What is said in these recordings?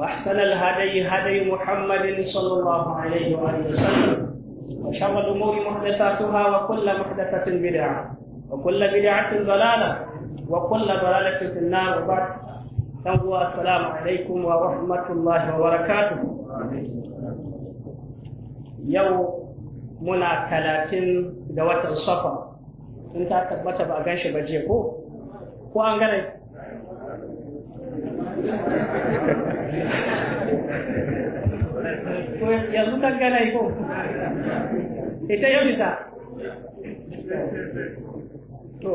وأحسن الهدي هدي محمد صلى الله عليه وآله وسلم وشر الأمور محدثاتها وكل محدثة بدعة وكل بدعة ضلالة وكل ضلالة في النار وبعد فهو السلام عليكم ورحمة الله وبركاته يوم منا ثلاثين دوات الصفا انت تبت بأغنش بجيكو ko an gane yanzu kan gana ko ita yau bisa to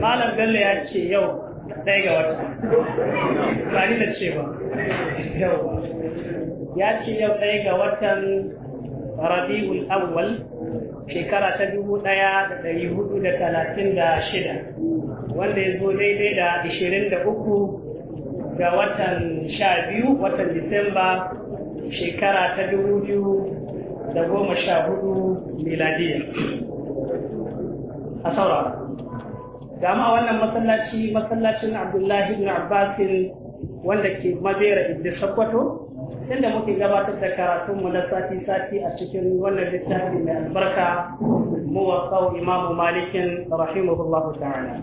malam bello ya ce yau ɗaya ga wata ba ni da ce ba yau ya ce yau ɗaya ga watan rabi'ul awwal shekara ta dubu ɗaya da ɗari hudu da talatin da shida wanda ya zo daidai da ashirin da uku ga watan sha biyu watan disamba shekara ta dubu biyu da goma sha hudu miladiya a saurara dama wannan masallaci masallacin abdullahi ibn abbasin wanda ke mabera idda sakwato inda muke gabatar da karatunmu na sati-sati a cikin wannan littafi mai albarka mu sau imamu malikin rahimahullahu ta'ala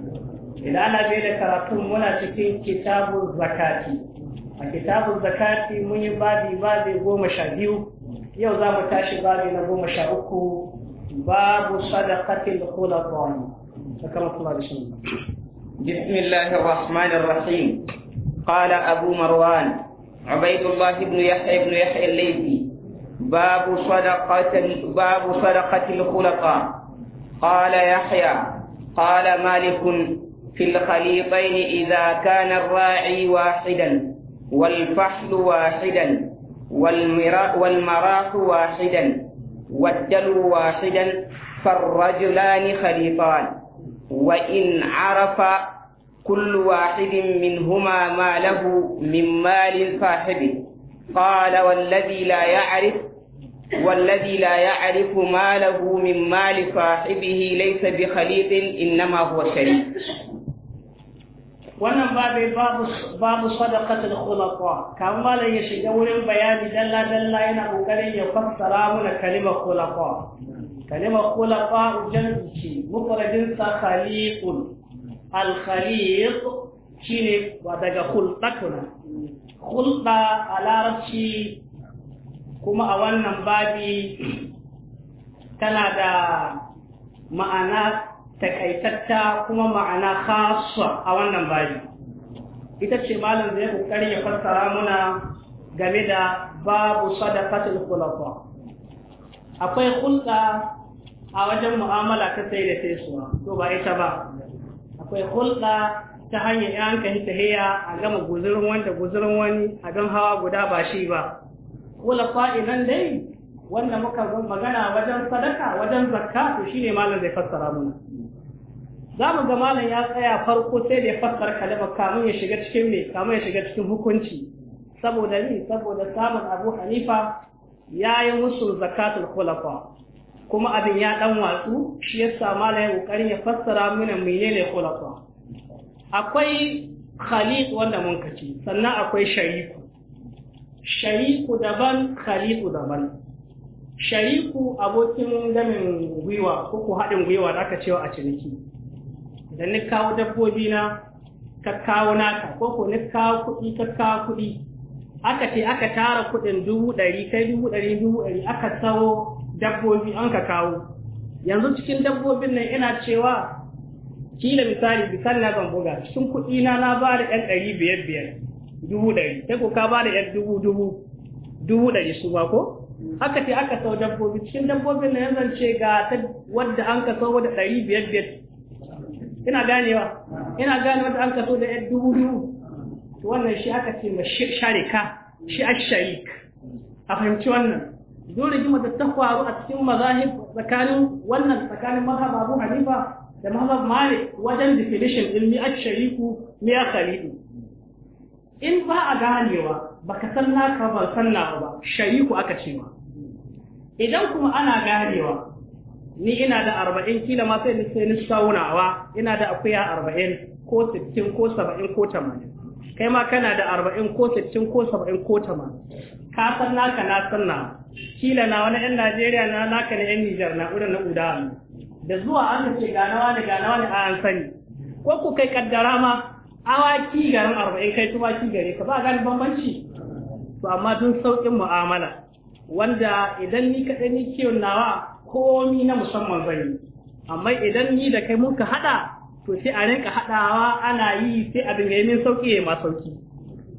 ila ana bai da karatun muna cikin kitabun zakati a kitabun zakati mun yi babi babi goma sha biyu yau za mu tashi babi na goma sha uku babu sadaqatil khulafani shi بسم الله الرحمن الرحيم قال أبو مروان عبيد الله بن يحيى بن يحيى الليثي باب صدقة باب صدقة الخلقاء قال يحيى قال مالك في الخليطين إذا كان الراعي واحدا والفحل واحدا والمراح واحدا والدلو واحدا فالرجلان خليطان وإن عرف كل واحد منهما ما له من مال صاحبه قال والذي لا يعرف والذي لا يعرف ما له من مال صاحبه ليس بخليط إنما هو شريك wannan babu babu babu sadaqatul khulafa kan malan ya shiga wurin bayani dalla dalla yana kokarin ya fassara mana kalimar khulafa kalimar khulafa ujjan ce mufradin sa khaliqun alkhalid shine daga hulɗatuna hulɗa a larabci kuma a wannan babi tana da ma'ana takaitatta kuma ma'ana khaswa a wannan babi ita ce malam zai kokari ya fassara muna game da babu sadaqatul khulafa akwai hulɗa a wajen mu'amala ta sai da sai to ba ita ba akwai hulɗa ta hanyar yan ta tahiya a gama guzurin wanda guzurin wani a don hawa guda ba shi ba kula fa'idan dai wanda muka magana wajen sadaka wajen zakka to shine malam zai fassara muna za mu ga malam ya tsaya farko sai da ya fassara kalmar kamun ya shiga cikin me kamun ya shiga cikin hukunci saboda ni saboda samun abu hanifa ya yi musu zakatul khulafa kuma abin ya dan watsu shi yasa malai kokarin ya fassara mana menene khulafa akwai khaliq wanda mun kace sannan akwai shariku shariku daban khaliqu daban shariku abokin gamin gwiwa ko ku haɗin gwiwa da aka cewa a ciniki idan ni kawo dabbobi na ka kawo naka ko ko ni kawo kuɗi ka kawo kuɗi aka ce aka tara kuɗin dubu ɗari kai dubu ɗari dubu ɗari aka sawo dabbobi an ka kawo yanzu cikin dabbobin nan ina cewa kila misali misali na zan buga cikin kuɗi na na ba da yan ɗari biyar biyar dubu ɗari sai ko ka ba da yan dubu dubu dubu ɗari su ba ko haka ce aka sau dabbobi cikin dabbobin nan yanzu ce ga wadda an ka sau wadda ɗari biyar biyar ina ganewa ina ganewa da an ka sau da yan dubu dubu wannan shi aka ce ma sharika shi ash a fahimci wannan Dole ji mata ta faru a cikin mazahib tsakanin wannan tsakanin mazhab Abu Hanifa da mazhab Malik wajen definition din mi shariku mi khalidu in ba a ganewa baka san naka ba san naka ba shariku aka ce ma idan kuma ana ganewa ni ina da arba'in kila ma sai ni sai ni saunawa ina da akuya arba'in ko sittin ko saba'in ko tamanin kai ma kana da arba'in ko sittin ko saba'in ko tamanin ka san naka na san na kila na wani yan Najeriya na naka na yan Nijar na udan na uda da zuwa an ce ganawa da ganawa ne a an sani ko ku kai kaddara ma awaki garin arba'in kai tumaki gare ka ba gani bambanci to amma dun sauƙin mu'amala wanda idan ni kaɗai ni kiwon nawa komi na musamman zan yi amma idan ni da kai muka haɗa to sai a rinka haɗawa ana yi sai abin ya yi min sauƙi ya ma sauƙi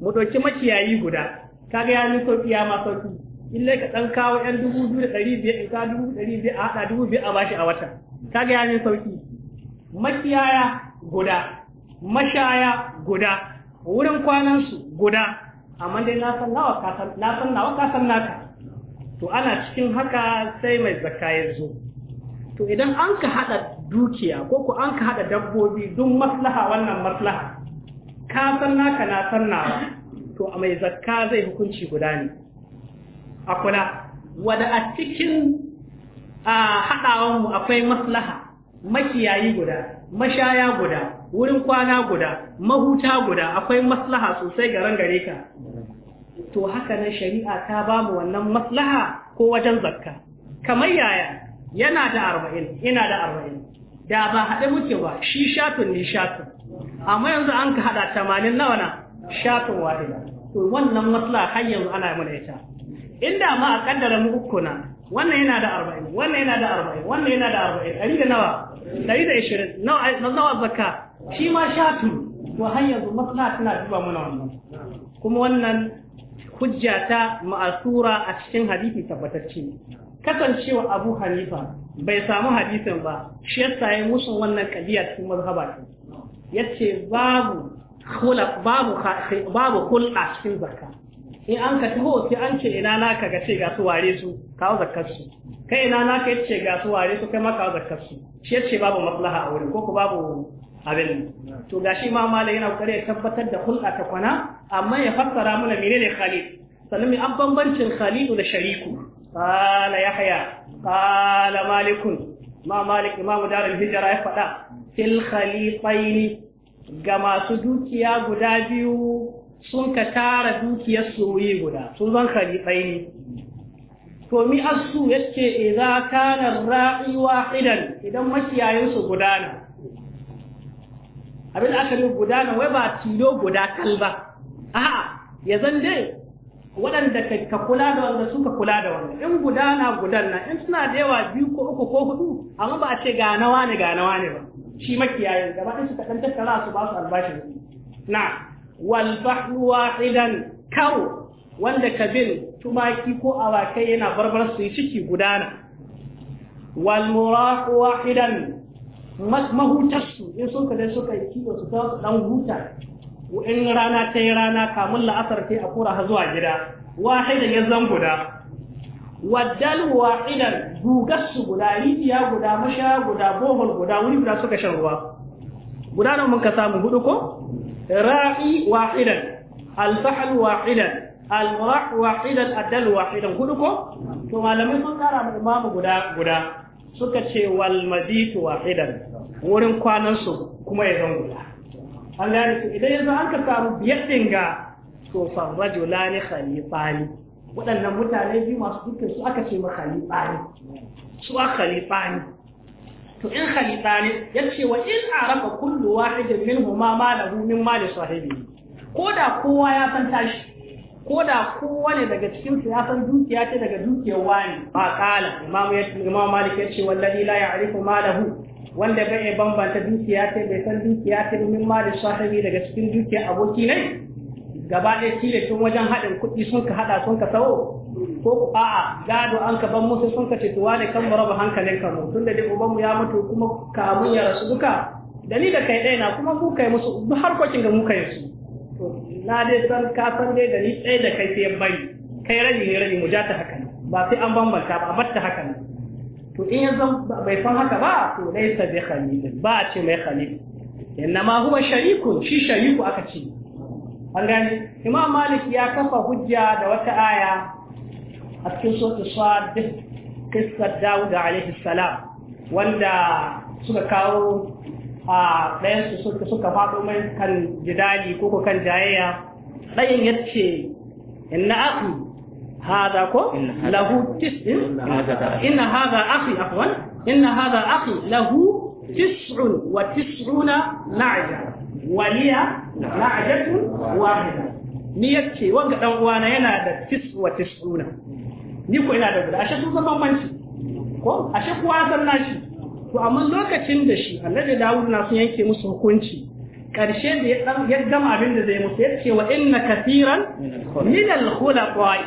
mu ɗauki maciyayi guda kaga ya min sauƙi ya ma sauƙi in lai ka ɗan kawo yan dubu biyu da ɗari biyar in kawo dubu ɗari biyar a haɗa dubu biyar a bashi a wata ka ga yamin sauki makiyaya guda mashaya guda wurin kwanansu guda amma dai na san nawa ka san na san nawa ka san naka to ana cikin haka sai mai zakka ya zo to idan an ka haɗa dukiya ko ko an ka haɗa dabbobi duk maslaha wannan maslaha ka san naka na san nawa to a mai zakka zai hukunci guda ne a kula wanda a cikin a mu akwai maslaha makiyayi guda mashaya guda wurin kwana guda mahuta guda akwai maslaha sosai ga rangare ka to haka nan shari'a ta ba mu wannan maslaha ko wajen zakka kamar yaya yana da arba'in ina da arba'in da ba haɗe muke ba shi shafin ne shafin amma yanzu an ka haɗa tamanin nawa na shafin wahida to wannan maslaha har yanzu ana mana ita inda ma a kaddara mu uku na wannan yana da arba'in wannan yana da arba'in wannan yana da arba'in Dari da nawa Dari da ishirin na nawa zakka shi ma shatu to hanyar yanzu masana tana duba mana wannan kuma wannan hujja ta ma'asura a cikin hadisi tabbatacce kasancewa abu hanifa bai samu hadisin ba shi yasa ya musu wannan kadiya cikin mazhaba yace babu babu babu hulɗa cikin zakka in an ka taho sai an ce ina naka ga ce ga su ware su kawo zakar su kai ina naka ka ce ga su ware su kai ma kawo zakar su shi ya ce babu maslaha a wurin ko ku babu abin to gashi ma mala yana kare ya tabbatar da hulɗa ta kwana amma ya fassara mana menene khalid sannan mai an bambancin khalidu da shariku qala yahya qala malikun ma malik imam darul hijra ya faɗa fil khalitaini ga masu dukiya guda biyu sun ka tara dukiyar soyayya guda sun zan khalifai ne to mi asu yace idza eh, kana ra'i wahidan idan makiyayin su gudana abin aka yi gudana wai ba tilo guda kalba a'a ya zan dai waɗanda ka kula da wanda suka kula da wanda in gudana gudanna in suna da yawa biyu ko uku ko hudu amma ba a ce ga nawa ne ga nawa ne ba shi makiyayin gaba ɗin su ɗan tattara su ba su albashin na wal wahidan kaw wanda kabil tumaki ko awakai yana barbar su yi ciki gudana wal muraq wahidan mahutarsu in sun ka dai suka yi kiwo su ta dan huta in rana ta yi rana kamun la'asar sai a kura zuwa gida wahidan ya zan guda waddal wahidan gugar su guda rijiya guda masha guda bohol guda wuri guda suka shan ruwa guda nan mun ka samu hudu ko ra'i wahidan al-fahl wahidan al-murah wahidan adal wahidan hudu ko to malamai sun kara mu imamu guda guda suka ce wal mabitu wahidan wurin kwanan su kuma ya zan guda an gane su idan yanzu an ka samu biyar din ga to farrajulani khalifani waɗannan mutane biyu masu dukkan su aka ce ma khalifani su a khalifani to in ne yace wa in arafa kullu wahidin minhuma ma lahu min mali sahibi koda kowa ya san tashi koda kowa ne daga cikin su ya san dukiya ce daga dukiyar wani ba kala imamu ya imamu malik yace wallahi la ya'rifu ma lahu wanda bai bambanta dukiya ce bai san dukiya ce min mali sahibi daga cikin dukiyar aboki ne gaba ɗaya kile tun wajen haɗin kuɗi sun ka haɗa sun ka sawo ko a'a gado an ka ban musu sun ka ce tuwa da kan raba hankalin kanmu tun da dai ubanmu ya mutu kuma mun ya rasu duka da ni da kai ɗaya na kuma mu kai musu duk harkokin da mu kai su to na dai san ka san dai da ni ɗaya da kai sai bari kai rani ne rani mu ja ta ne ba sai an bambanta ba a bar ta haka to in ya zan bai san haka ba to laisa bi khalil ba a ce mai khalil inna ma huwa shariku shi shariku aka ce an gani imam malik ya kafa hujja da wata aya a cikin sotu duk kisar dawud alaihi salam wanda suka kawo a ɗayan su suka faɗo mai kan jidali ko ko kan jayayya ɗayan ya ce inna aku hada ko lahu tis'in inna hada akhi afwan inna hada akhi lahu tis'un wa tis'una na'ja waliya na ma'ajatun wahida ni yace wanga dan uwana yana da tiswa tisuna ni ko ina da guda ashe sun san manci ko ashe kuwa san nashi to amma lokacin da shi annabi Dawud na sun yanke musu hukunci karshe da ya dan ya gama abin da zai musu yace wa inna kathiran min al-khulaqa'i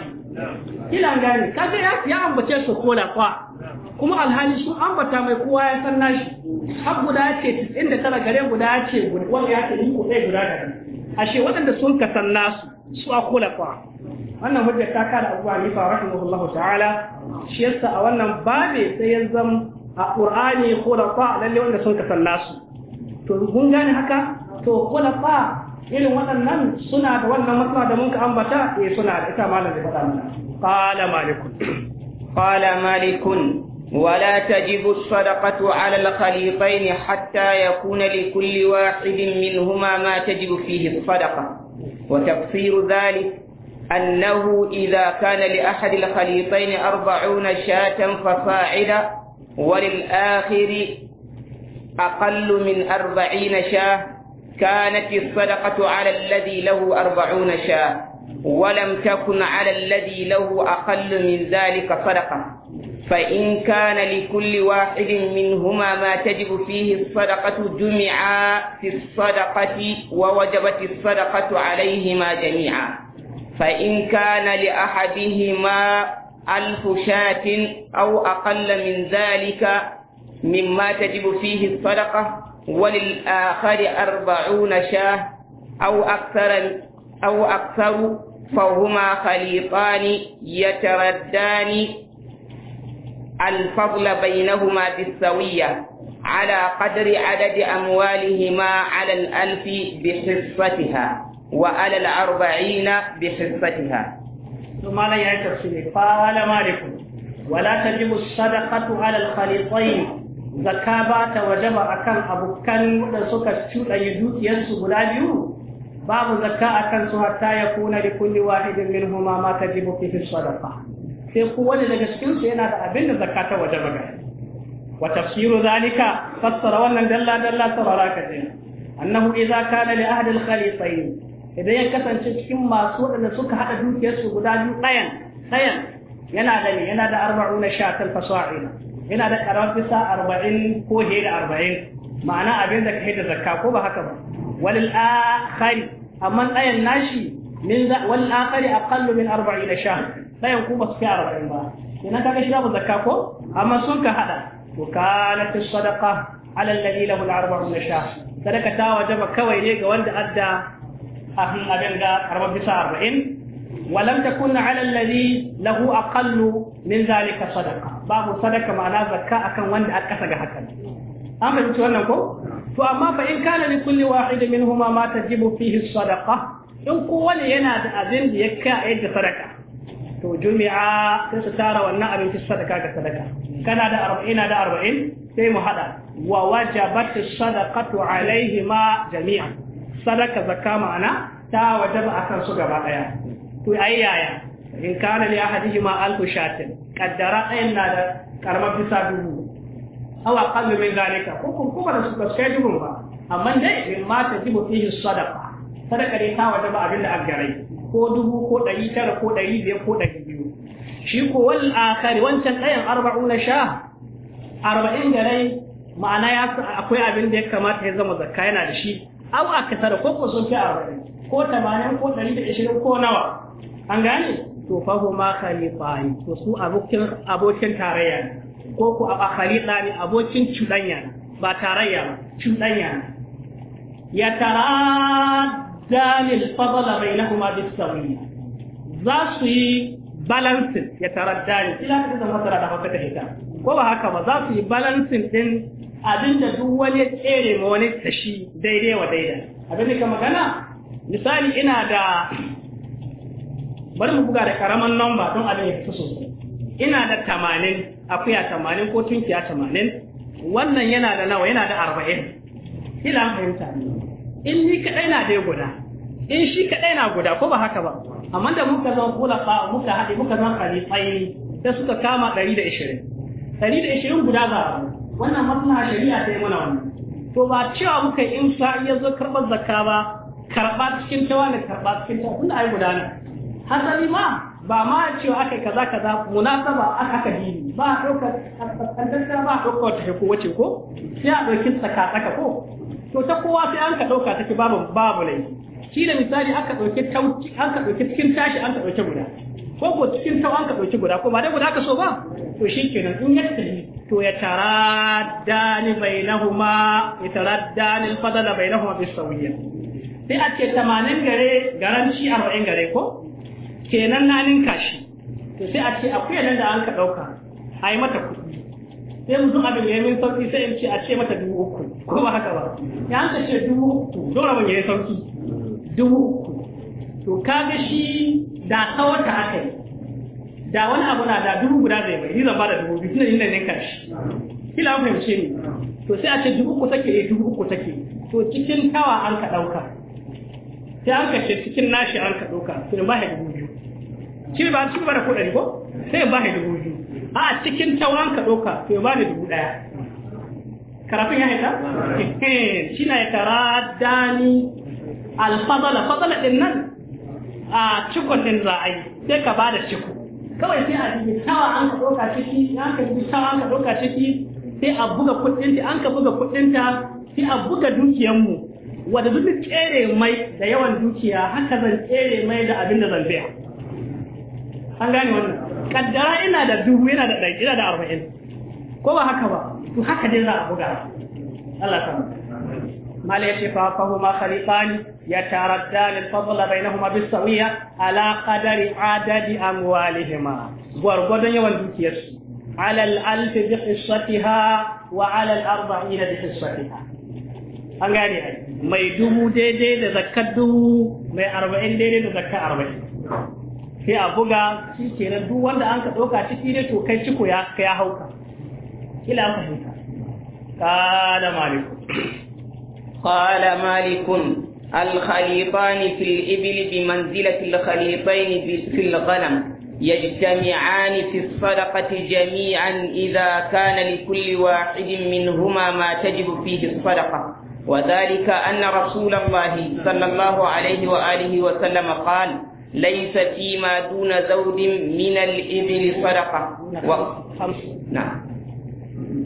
kila gani kaga ya ambace su khulaqa kuma alhali su ambata mai kowa ya san nashi har guda ce tara gare guda ce wanda ya ce ni ko ɗaya guda gare ashe waɗanda sun ka nasu su a kula kwa wannan hujja ta kada abu hanifa rahimahullahu ta'ala shi yasa a wannan babe sai ya zam a qur'ani a lalle wanda sun ka kasan nasu to kun gane haka to kula kwa irin waɗannan suna da wannan matsala da mun ka ambata eh suna da ita malam da faɗa mana qala malikun qala malikun ولا تجب الصدقة على الخليطين حتى يكون لكل واحد منهما ما تجب فيه الصدقة وتقصير ذلك أنه إذا كان لأحد الخليطين أربعون شاة فصاعدا وللآخر أقل من أربعين شاة كانت الصدقة على الذي له أربعون شاة ولم تكن على الذي له أقل من ذلك صدقة فإن كان لكل واحد منهما ما تجب فيه الصدقة جمعا في الصدقة ووجبت الصدقة عليهما جميعا فإن كان لأحدهما ألف شاة أو أقل من ذلك مما تجب فيه الصدقة وللآخر أربعون شاه أو أكثر أو أكثر فهما خليطان يتردان الفضل بينهما بالسوية على قدر عدد أموالهما على الألف بحصتها وعلى الأربعين بحصتها ثم لا يتفصيل قال مالك ولا تجب الصدقة على الخليطين زكاة بات وجب أكن أبو كان سكا سيولا يدوك ينسو بعض زكاة أكن سهتا يكون لكل واحد منهما ما تجب فيه الصدقة sai kowane daga cikin yana da abin da zakka ta waje baga wa tafsiru zalika fassara wannan dalla dalla sarara ka ce annahu idza kana li ahad al idan ya kasance cikin masu wadanda suka haɗa dukiyar guda biyu ɗayan ɗayan yana da ne yana da 40 shatan fasa'ina yana da karafisa 40 ko he da ma'ana abin da kai da zakka ba haka ba walil akhari amma ɗayan nashi min wal akhari aqallu min ɗayan kuma basu ke arba'in ba idan kaga shi zaku zakka ko amma sun ka hada to kana fi sadaqa ala alladhi lahu sadaka arbaun nasha sadaka ta wajaba kawai ne ga wanda adda ahin abin ga arba bisa arba'in walanta kunna takun ala alladhi lahu aqallu min zalika sadaqa babu sadaka ma'ana zakka akan wanda aka saga hakan an fahimci wannan ko to amma fa in kana li kulli wahid minhuma ma tajibu fihi as-sadaqa in kowane yana da abin da ya kai a yadda sadaka to jumi'a sai su tara wannan abinci sadaka ga sadaka kana da 40 da 40 sai mu hada wa wajabat sadaqatu alaihima jami'an sadaka zakka ma'ana ta wajaba akan su gaba daya to ayyaya in kana li ahadihima alfu shatin qaddara ayin na da karamar bisa dubu aw aqallu min zalika kuma da su ba sai dubu ba amma dai in ma tajibu fihi sadaqa sadaka ne ta wajaba abinda an ko dubu ko ɗari tara ko ɗari biyar ko ɗari biyu shi ko wal akari wancan ɗayan arba'una sha arba'in da rai ma'ana ya akwai abin da ya kamata ya zama zakka yana da shi a kasar ko ko sun fi arba'in ko tamanin ko ɗari da ishirin ko nawa an gane to fa huma khalifani to su abokin abokin tarayya ne ko ku a khalida ne abokin cuɗanya ba tarayya ba cuɗanya ya tara danil fadala bainahuma sauri. za su yi balansin ya tara, ne Ila ka zama masara da hausa ta hita ko ba haka ba za su yi balansin din abinda duk wani ya tsere ma wani tashi daidai wa daidai abin da ka magana misali ina da bari mu buga da karaman namba don abin ya fi sosai ina da tamanin akuya tamanin ko tunkiya tamanin wannan yana da nawa yana da arba'in ila fahimta ne in ni kadai na dai guda in shi kadai na guda ko ba haka ba amma da muka zama ba muka haɗe muka zama khalifai sai suka kama 120 120 guda za a wannan maslaha shari'a ta yi mana wannan to ba cewa muka in sa iya zo karɓar zakka ba karɓa cikin tawa da karɓa cikin tawa tunda ai guda ne hasali ma ba ma cewa aka kaza kaza munasaba aka aka dini ba a ɗaukar ba a ɗaukar ta ko wace ko sai a ɗauki tsaka tsaka ko to ta kowa sai an ka ɗauka take babu babu laifi shi da misali aka ɗauki tauci an ka ɗauki cikin tashi an ka ɗauki guda ko ko cikin tau an ka ɗauki guda ko ba da guda ka so ba to shi kenan in ya tafi to ya ni bainahuma ya ni fadala bainahuma sawiyya sai a ce 80 gare garanci 40 gare ko kenan na ninka shi to sai a ce akwai nan da an ka ɗauka a yi mata kuɗi sai mu abin ya sauki sauƙi sai in ce a ce mata dubu uku ko ba haka ba ya ka ce dubu uku dole ban yayi sauki dubu uku to kaga shi da tsawata aka yi da wani abu na da dubu guda zai bai ni zan bada dubu biyu tunan yin nan shi kila an fahimce ni to sai a ce dubu uku take eh dubu uku take to cikin tawa an ka ɗauka sai an kashe cikin nashi an ka ɗauka to ba ya dubu biyu shi ba shi ba da kuɗari ko sai ba ya dubu biyu a cikin tawa an ka ɗauka to ba da dubu ɗaya Karafin ya haita shi na ya tara dani alfadala fadala din nan a cikon din za a yi sai ka ba da ciko kawai sai a cikin tawa an ka ɗauka ciki an ka cikin tawa an ka ɗauka ciki sai a buga kuɗinta an ka buga kuɗinta sai a buga dukiyanmu wadda duk kere mai da yawan dukiya haka zan kere mai da abin da zan biya an gane wannan kaddara ina da dubu ina da ɗari ina da arba'in ko ba haka ba to haka dai za a buga Allah ta mala ya ce fa fahu ma khalifani ya taradda lil fadla bainahuma bis sawiya ala qadari adadi amwalihima gwargwadon yawan dukiyarsu ala al alf bi qissatiha wa ala al arba'ina bi qissatiha an gane ai mai dubu daidai da zakkar dubu mai arba'in daidai da zakkar arba'in sai a buga shi kenan duk wanda an ka ɗauka ciki ne to kai ciko ya hauka إلى أن قال مالك قال مالك الخليطان في الإبل بمنزلة الخليطين في الغنم يجتمعان في الصدقة جميعا إذا كان لكل واحد منهما ما تجب فيه الصدقة وذلك أن رسول الله صلى الله عليه وآله وسلم قال ليس فيما دون زود من الإبل صدقة و... نعم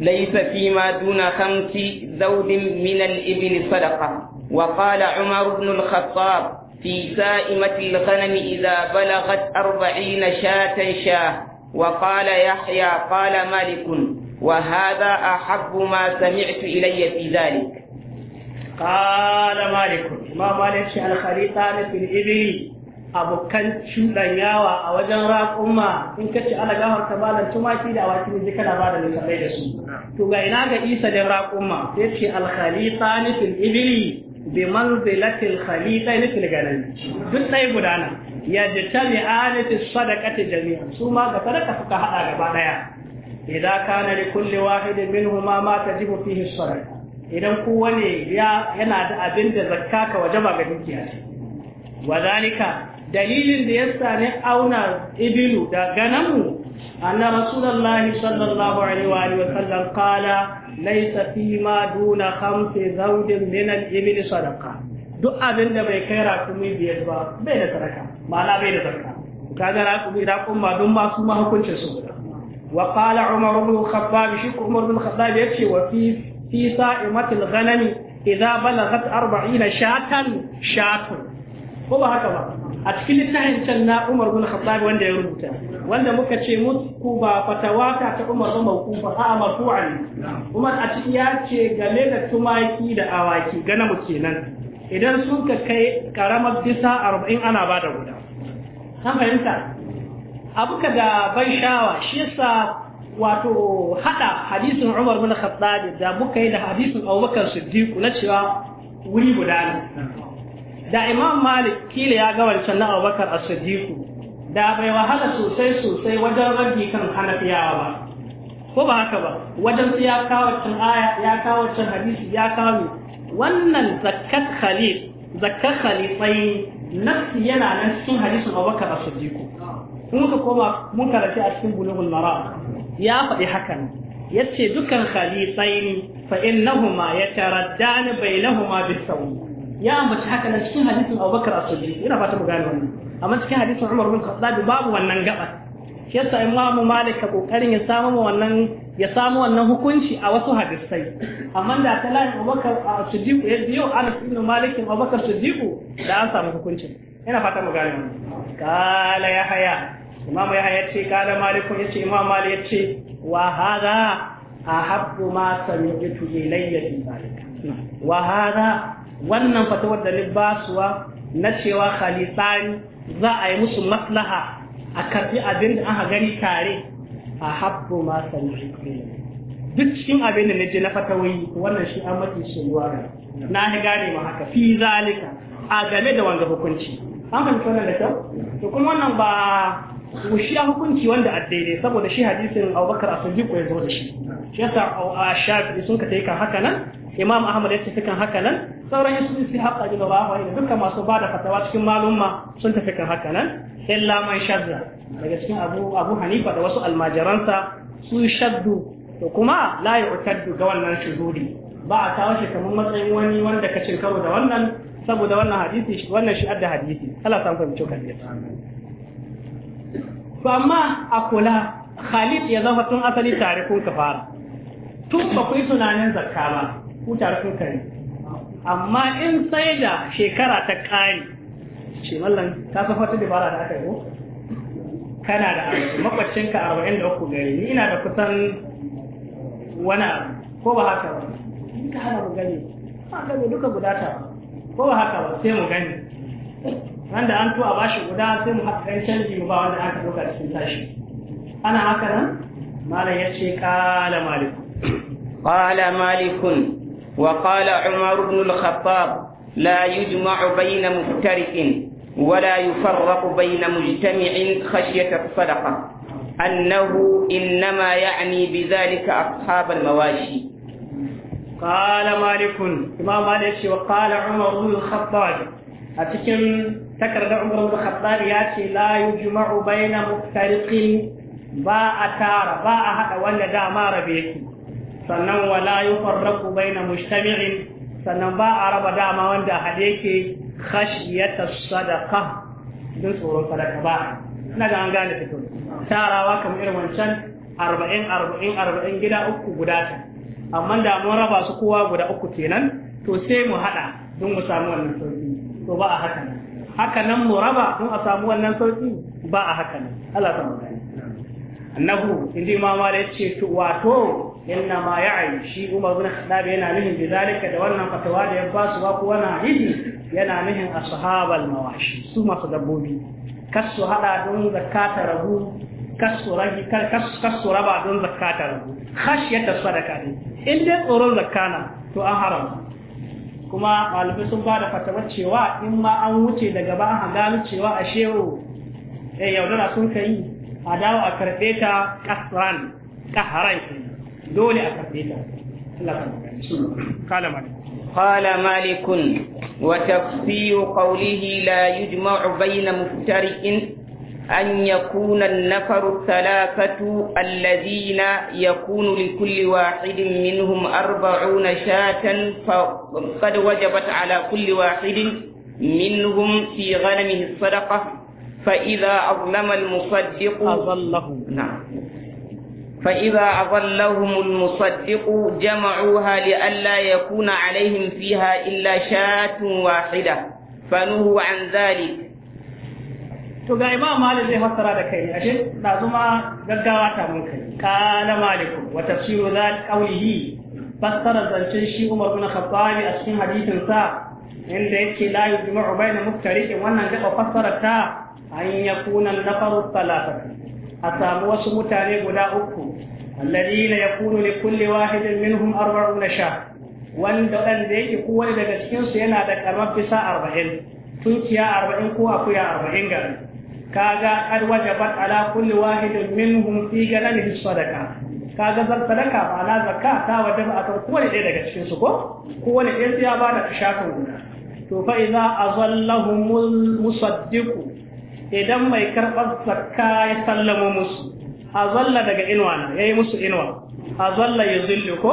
ليس فيما دون خمس ذود من الإبل صدقة وقال عمر بن الخطاب في سائمة الغنم إذا بلغت أربعين شاة شاه وقال يحيى قال مالك وهذا أحب ما سمعت إلي في ذلك قال مالك ما مالك الخريطان في الإبل abokan cuɗanyawa a wajen raƙumma in ka ce ana gafar ta malam tumaki da awaki ne kana ba da littafai da su to ga ina ga isa da raƙumma sai ce alkhalisani fil ibili bi manzilatil khalisani nufin ganin, duk ɗaya gudana ya jitami sadaka ta jami'a, su ma ga sadaka suka haɗa gaba daya idan na da kulle wahidin huma ma ta tajibu fihi sadaka idan kowane ya yana da abin da zakka ka ba ga dukiya wa zalika dalilin da ya sani auna ibilu da ganamu anna rasulullahi sallallahu alaihi wa sallam qala laysa fi ma duna khamsi zawdin min al-ibil sadaqa duk abin da bai kai rakumi biyar ba bai da sadaka ma'ana bai da sadaka rakumi don su ma hukuncin su wa qala umar ibn khattab shi umar ibn khattab yace wa fi fi sa'imatil ghanami idza balagat 40 shatan shatun ko ba haka ba a cikin littafin can na Umar bin Khattab wanda ya rubuta wanda muka ce muku ba fatawa ta ta Umar bin Mawquf a marfu'an Umar a cikin ya ce game da tumaki da awaki gana mu kenan idan sun ka kai karamar bisa 40 ana ba da guda san fahimta abu ka da ban shawa shi yasa wato hada hadisin Umar bin Khattab da muka yi da hadisin Abubakar Siddiq na cewa wuri guda ne da imam malik kila ya ga wancan na abubakar a siddiq da bai wahala sosai sosai wajen rabbi kan hanafiyawa ba ko ba haka ba wajen su ya kawo can aya ya kawo can hadisi ya kawo wannan zakkar khalil zakkar khalifai nafsi yana nan cikin hadisin abubakar a siddiq kun ka koma mun karanta a cikin bulughul mara ya faɗi hakan yace dukkan khalifai fa innahuma yataraddani bainahuma bisawi ya ambaci haka nan cikin hadisin Abubakar asali ina fata mu gane wannan amma cikin hadisin Umar bin Khattab babu wannan gaba shi yasa Imam Malik ka kokarin ya samu wannan ya samu wannan hukunci a wasu hadisai amma da ta layin Abubakar As-Siddiq ya biyo Anas ibn Malik Abubakar As-Siddiq da an samu hukuncin ina fata mu gane wannan kala ya haya Imam ya haya ce kala Malik ya ce Imam Malik ya ce wa hada ahabbu ma sami'tu ilayya min Malik wa hada wannan fatawar da basuwa na cewa khalisani za a yi musu maslaha a karbi abin da aka gani tare a habbo ma sami duk cikin abin da naje na fatawoyi wannan shi an mafi shiruwa na ya gane ma haka fi zalika a game da wanga hukunci an fahimci wannan da kyau to kuma wannan ba shi a hukunci wanda a daidai saboda shi hadisin abubakar a sadiq ya zo da shi shi yasa a shafi sun ka taika haka nan imam ahmad ya tafi cikin haka nan sauran yasu su haƙa ji gaba wa dukkan masu bada da fatawa cikin malumma sun tafi kan haka nan illa man shadda daga cikin abu abu hanifa da wasu almajiransa su shaddu to kuma la yu'taddu ga wannan shuhudi ba a kawo shi kamar matsayin wani wanda ka cin karo da wannan saboda wannan hadisi wannan shi adda hadisi Allah san fahimci kan to amma a kula Khalid ya zama tun asali tarikun kafara tun ba ku yi tunanin zakka ba ku tare kare amma in sai da shekara ta kare ce mallan ta san ta dabara da aka yi kana da makwacin ka da uku gari ni ina da kusan wani ko ba haka ba in ka hana mu gani ba gani duka guda ta ko ba haka ba sai mu gani wanda an tuwa bashi guda sai mu haka canji mu ba wanda aka ɗauka cikin tashi ana haka nan malam ya ce kala malikun kala malikun وقال عمر بن الخطاب لا يجمع بين مفترق ولا يفرق بين مجتمع خشية الصدقة أنه إنما يعني بذلك أصحاب المواشي قال مالك إمام مالك وقال عمر بن الخطاب أتكن تكر عمر بن الخطاب ياتي لا يجمع بين مفترق با أتار با أحد وأن دامار بيكم sannan wala bai na mujtami'in sannan ba a raba dama wanda hade yake khashyata sadaka don tsoron sadaka ba ina ga an gane fito tarawa kamar irin wancan arba'in, arba'in, arba'in, gida uku guda ta amma da mun raba su kowa guda uku kenan to sai mu haɗa don mu samu wannan sauki to ba a haka nan haka nan mu raba don a samu wannan sauki ba a haka nan Allah ta magana annahu inji ma da yace to wato inna ma ya'ni shi Umar bin Khattab yana nihin da zalika da wannan fatawa da ya basu ba ko wannan hadisi yana nihin ashabal mawashi su masu dabbobi kasu hada don zakata rabu kasu ragi kasu raba don zakata rabu khashiyata sadaka ne in dai tsoron zakana to an haram kuma malamai sun ba da fatawar cewa in ma an wuce daga ba a gano cewa a shehu eh, yaudara sun kai a dawo a karɓe ta kasran kaharan دول a قال مالك قال مالك وتفسير قوله لا يجمع بين مفترئ أن يكون النفر الثلاثة الذين يكون لكل واحد منهم أربعون شاة فقد وجبت على كل واحد منهم في غنمه الصدقة فإذا أظلم المصدق أظله نعم فإذا أظلهم المصدق جمعوها لئلا يكون عليهم فيها إلا شاة واحدة فنهوا عن ذلك to ga imam malik zai fassara da kai ashe na zuma gaggawa ta mun kai kana malik wa tafsiru zal qawlihi fassara zancin shi umar bin khattab a cikin hadisin sa inda yake la yujma'u bayna muftariqin wannan gaba fassara ta an yakuna nafaru salatatu a samu wasu mutane guda uku ya yakunu li kulli wahidin minhum arba'una sha wanda wanda yake kowane daga cikin su yana da karamar bisa 40 tunkiya arba'in ko akuya arba'in gari kaga qad wajabat ala kulli wahidin minhum fi ganamihi sadaqa kaga zar sadaka ba na zakka ta wajaba akan kowane ɗaya daga cikin su ko kowane ɗaya ya bada da shafin guda to fa idza azallahumul musaddiqu idan mai karɓar zakka ya sallamo musu a zalla daga inuwa na ya yi musu inuwa a zalla ya zillu ko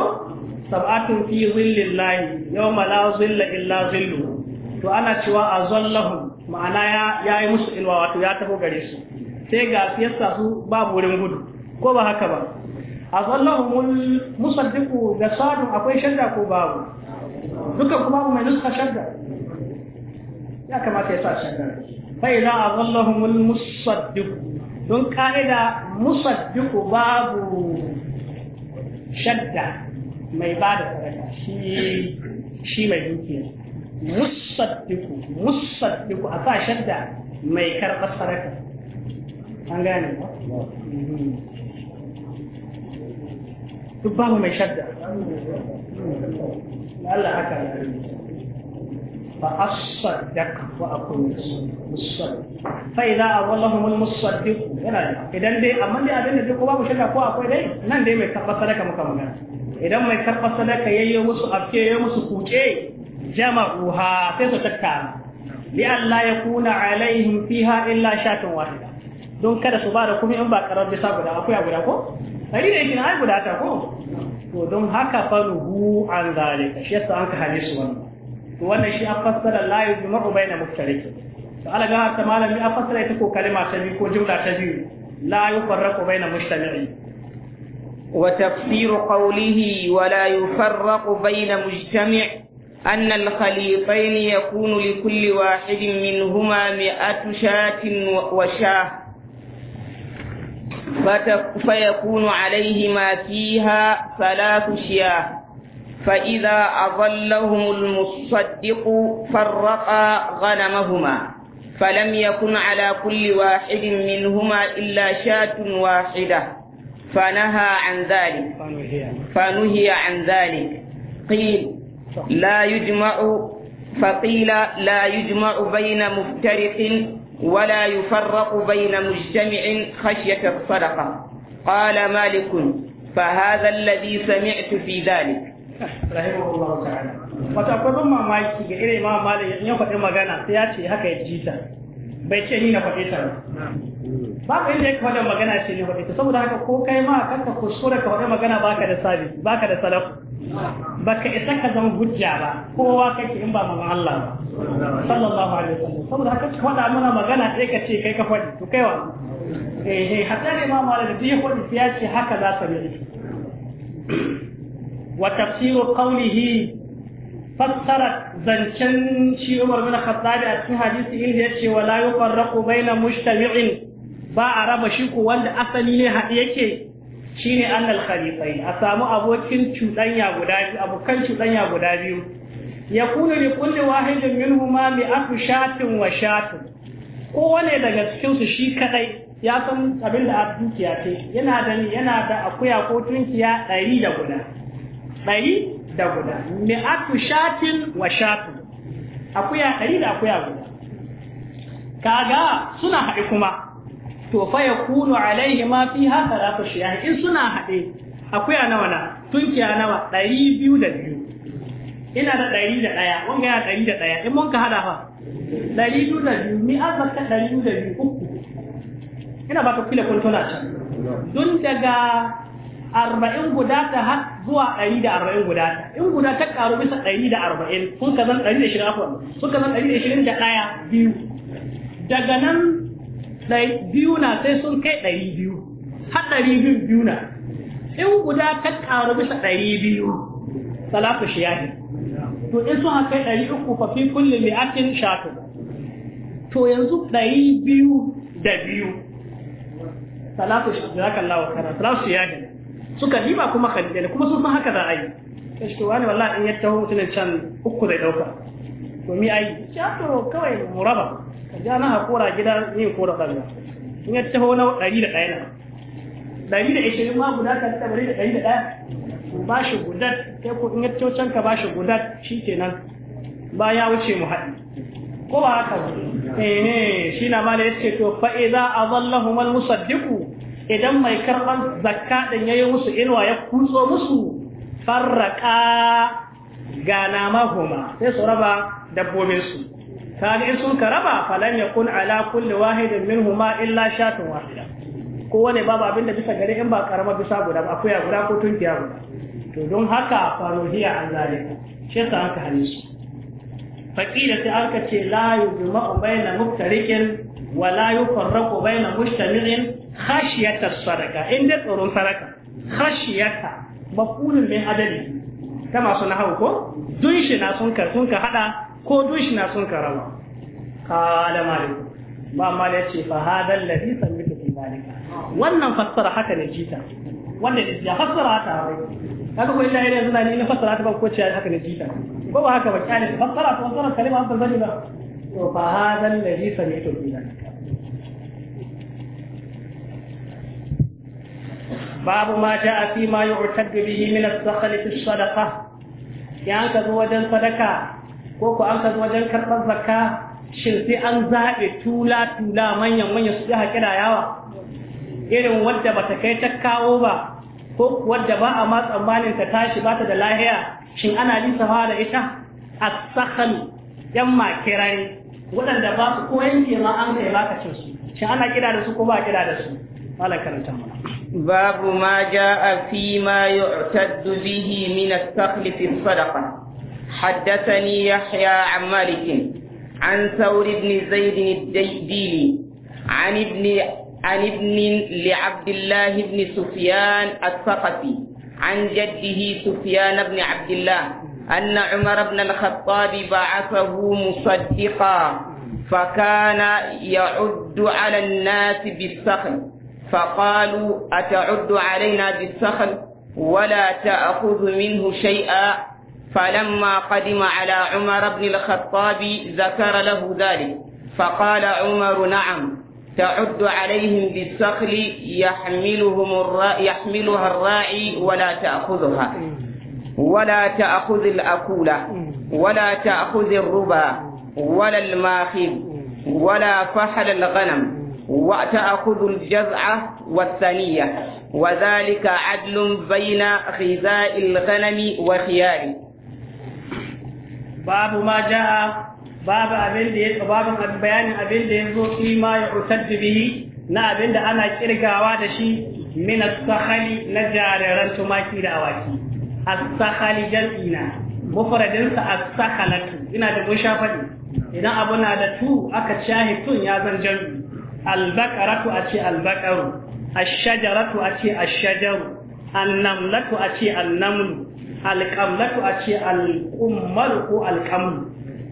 sab'atun fi zillin layi yau ma zilla illa zillu to ana cewa a zallahu ma'ana ya yi musu inuwa wato ya taho gare su sai ga siyasa su babu wurin gudu ko ba haka ba a zallahu musaddiku ga sadu akwai shadda ko babu duka kuma mai nuska shadda ya kamata ya sa shadda فإذا أظلهم المصدق دون قاعدة مصدق باب شدة ما يبعد شيء شيء ما يمكن مصدق مصدق أفا شدة ما يكرق السرقة an gane ba duk babu mai shadda Allah فأصدق وأكون مصدق فإذا أولهم المصدق yana idan dai amma dai abin da duk babu shakka ko akwai dai nan dai mai karɓar sadaka muka magana idan mai karɓar sadaka yayyo musu afke yayyo musu kuce jama'uha sai su tattara li Allah ya kuna alaihim fiha illa shatun wahida don kada su ba da kuma in ba karar bisa guda akwai guda ko dari da yake ai guda ta ko to don haka faluhu an zalika shi yasa an ka hadisu wannan to wannan shi an fassara la yujma'u baina muftarikin to ala ga ta malami an fassara ita ko kalma ta biyu ko jumla ta biyu la yufarraqu baina mujtami'i wa tafsir qawlihi wa la yufarraqu baina mujtami' أن الخليطين يكون لكل واحد منهما مئة شاة وشاه فيكون عليهما فيها ثلاث شياه فإذا أظلهم المصدق فرقا غنمهما فلم يكن على كل واحد منهما إلا شاة واحدة فنهى عن ذلك فنهي عن ذلك قيل لا يجمع فقيل لا يجمع بين مفترق ولا يفرق بين مجتمع خشية الصدقة قال مالك فهذا الذي سمعت في ذلك rahimahullahu ta'ala wato akwai ban mamaki ga irin imam malik ya faɗi magana sai ya ce haka ya ji ta bai ce ni na faɗi ta ba ba ka inda ya faɗi magana ce ni faɗi ta saboda haka ko kai ma kanka kuskure ka faɗi magana baka da sabi baka da salaf baka isa ka zama hujja ba kowa kake in ba mamman Allah ba sallallahu alaihi wasallam saboda haka ka faɗa mana magana sai ka ce kai ka faɗi to kai wa eh eh hatta imam malik da ya faɗi ya ce haka za ta yi وتفسير قوله فسرت زنشن شي عمر بن الخطاب أتي حديث إن يشي ولا يفرق بين ba با عرب شيكو وند أصلي ne haɗe yake shine annal khalifai a samu abokin cuɗanya guda biyu abokan cuɗanya guda biyu ya kuna li kulli wahidin minhuma bi afu shatin wa shatin kowane daga cikin su shi kaɗai ya san abin da a dukiya ce yana da yana da akuya ko tunkiya ɗari da guda ɗari da guda mi'atu shatin wa shatu akuya ɗari da akuya guda kaga suna haɗe kuma to fa kunu, alaihi ma fi haka da ku shiya in suna haɗe akuya nawa na tunkiya nawa ɗari biyu da biyu ina da ɗari da ɗaya wanga ya ɗari da ɗaya in mun ka haɗa fa ɗari biyu da biyu mi ka ɗari biyu da biyu uku ina ba ta kila kun can don daga arba'in guda ta har zuwa ɗari da arba'in guda ta in guda ta ƙaru bisa ɗari da arba'in sun ka zan ɗari da shirin afuwa sun ka zan ɗari da shirin da ɗaya biyu daga nan biyu na sai sun kai ɗari biyu har ɗari biyu biyu na in guda ta ƙaru bisa ɗari biyu salatu shiyahi to in sun kai ɗari uku fa fi kulli mi'atin shatu to yanzu ɗari biyu da biyu salatu shi zakallahu kana salatu shiyahi suka diba kuma khadija ne kuma sun san haka za a yi sai wani wallahi in ya taho mutumin can uku zai dauka to mi ai ya to kawai muraba ja na hakura gida ni yin kora kalla in ya taho na 101 na 120 ma guda ka ta 101 ba shi gudat kai ko in ya taho can ka ba shi gudat shikenan ba ya wuce mu haɗi ko ba haka eh ne, shi na mala yace to fa idza azallahum al musaddiqu idan mai karban zakka din yayi musu inuwa ya kutso musu farraka gana mahuma sai su raba dabbobin su kaga in sun karaba falan yakun ala kulli wahidin minhuma illa shatun wahida kowane babu abin da bisa gari in ba karama bisa guda ba akuya guda ko tunkiya guda to don haka faruhiya an zalika shi ka aka hane su faqila sai aka ce la yujma'u baina muftariqin wala yufarraqu baina mustamilin khashiyata sadaka in dai tsoron sadaka khashiyata mafulun min adali ta masu na hau ko dun na sun ka sun ka hada ko dun na sun ka rawa qala malik ba ya ce fa hada alladhi sami'tu fi zalika wannan fassara haka ne jita wanda ya fassara ta kaga ko illa yanzu da ni na fassara ta ba ko ce haka ne jita ko ba haka ba kyale fassara ta fassara kalma ba bane ba to fa hada alladhi sami'tu fi zalika babu ma ja'a fi ma yu'tad da biyu as-sakhal fi sadaqa ya an ka zo wajen sadaka ko ku an ka zo wajen karɓar zakka shin sai an zaɓe tula tula manyan manyan su ya kira yawa irin wadda ba ta kai ta kawo ba ko wadda ba a ma tsammanin ta tashi ba ta da lahiya shin ana lissafa da ita a sakhal yan makirai waɗanda ba su ko yanke ma an kai bakacin su shin ana kira da su ko ba a kira da su malam karanta باب ما جاء فيما يعتد به من السخل في الصدقة حدثني يحيى عن مالك عن ثور بن زيد الديلي عن ابن عن ابن لعبد الله بن سفيان الثقفي عن جده سفيان بن عبد الله أن عمر بن الخطاب بعثه مصدقا فكان يعد على الناس بالسخل فقالوا أتعد علينا بالسخل ولا تأخذ منه شيئا فلما قدم على عمر بن الخطاب ذكر له ذلك فقال عمر نعم تعد عليهم بالسخل يحملهم الرا... يحملها الراعي ولا تأخذها ولا تأخذ الأكولة ولا تأخذ الربا ولا الماخذ ولا فحل الغنم وتأخذ الجزعة والثنية وذلك عدل بين خزاء الغنم وخياره باب ما جاء باب أبن باب بيان أبن يزور فيما يعتد به na abin da ana kirgawa da shi min as-sakhali na jariran tumaki da awaki as-sakhali jam'ina mufradin sa as-sakhalatu ina da mun idan abu na da tu aka shahi tun ya zan albakaratu a ce albakaru ashajaratu a ce ashajaru annamlatu a ce annamlu alƙamlatu a ce ko alƙamlu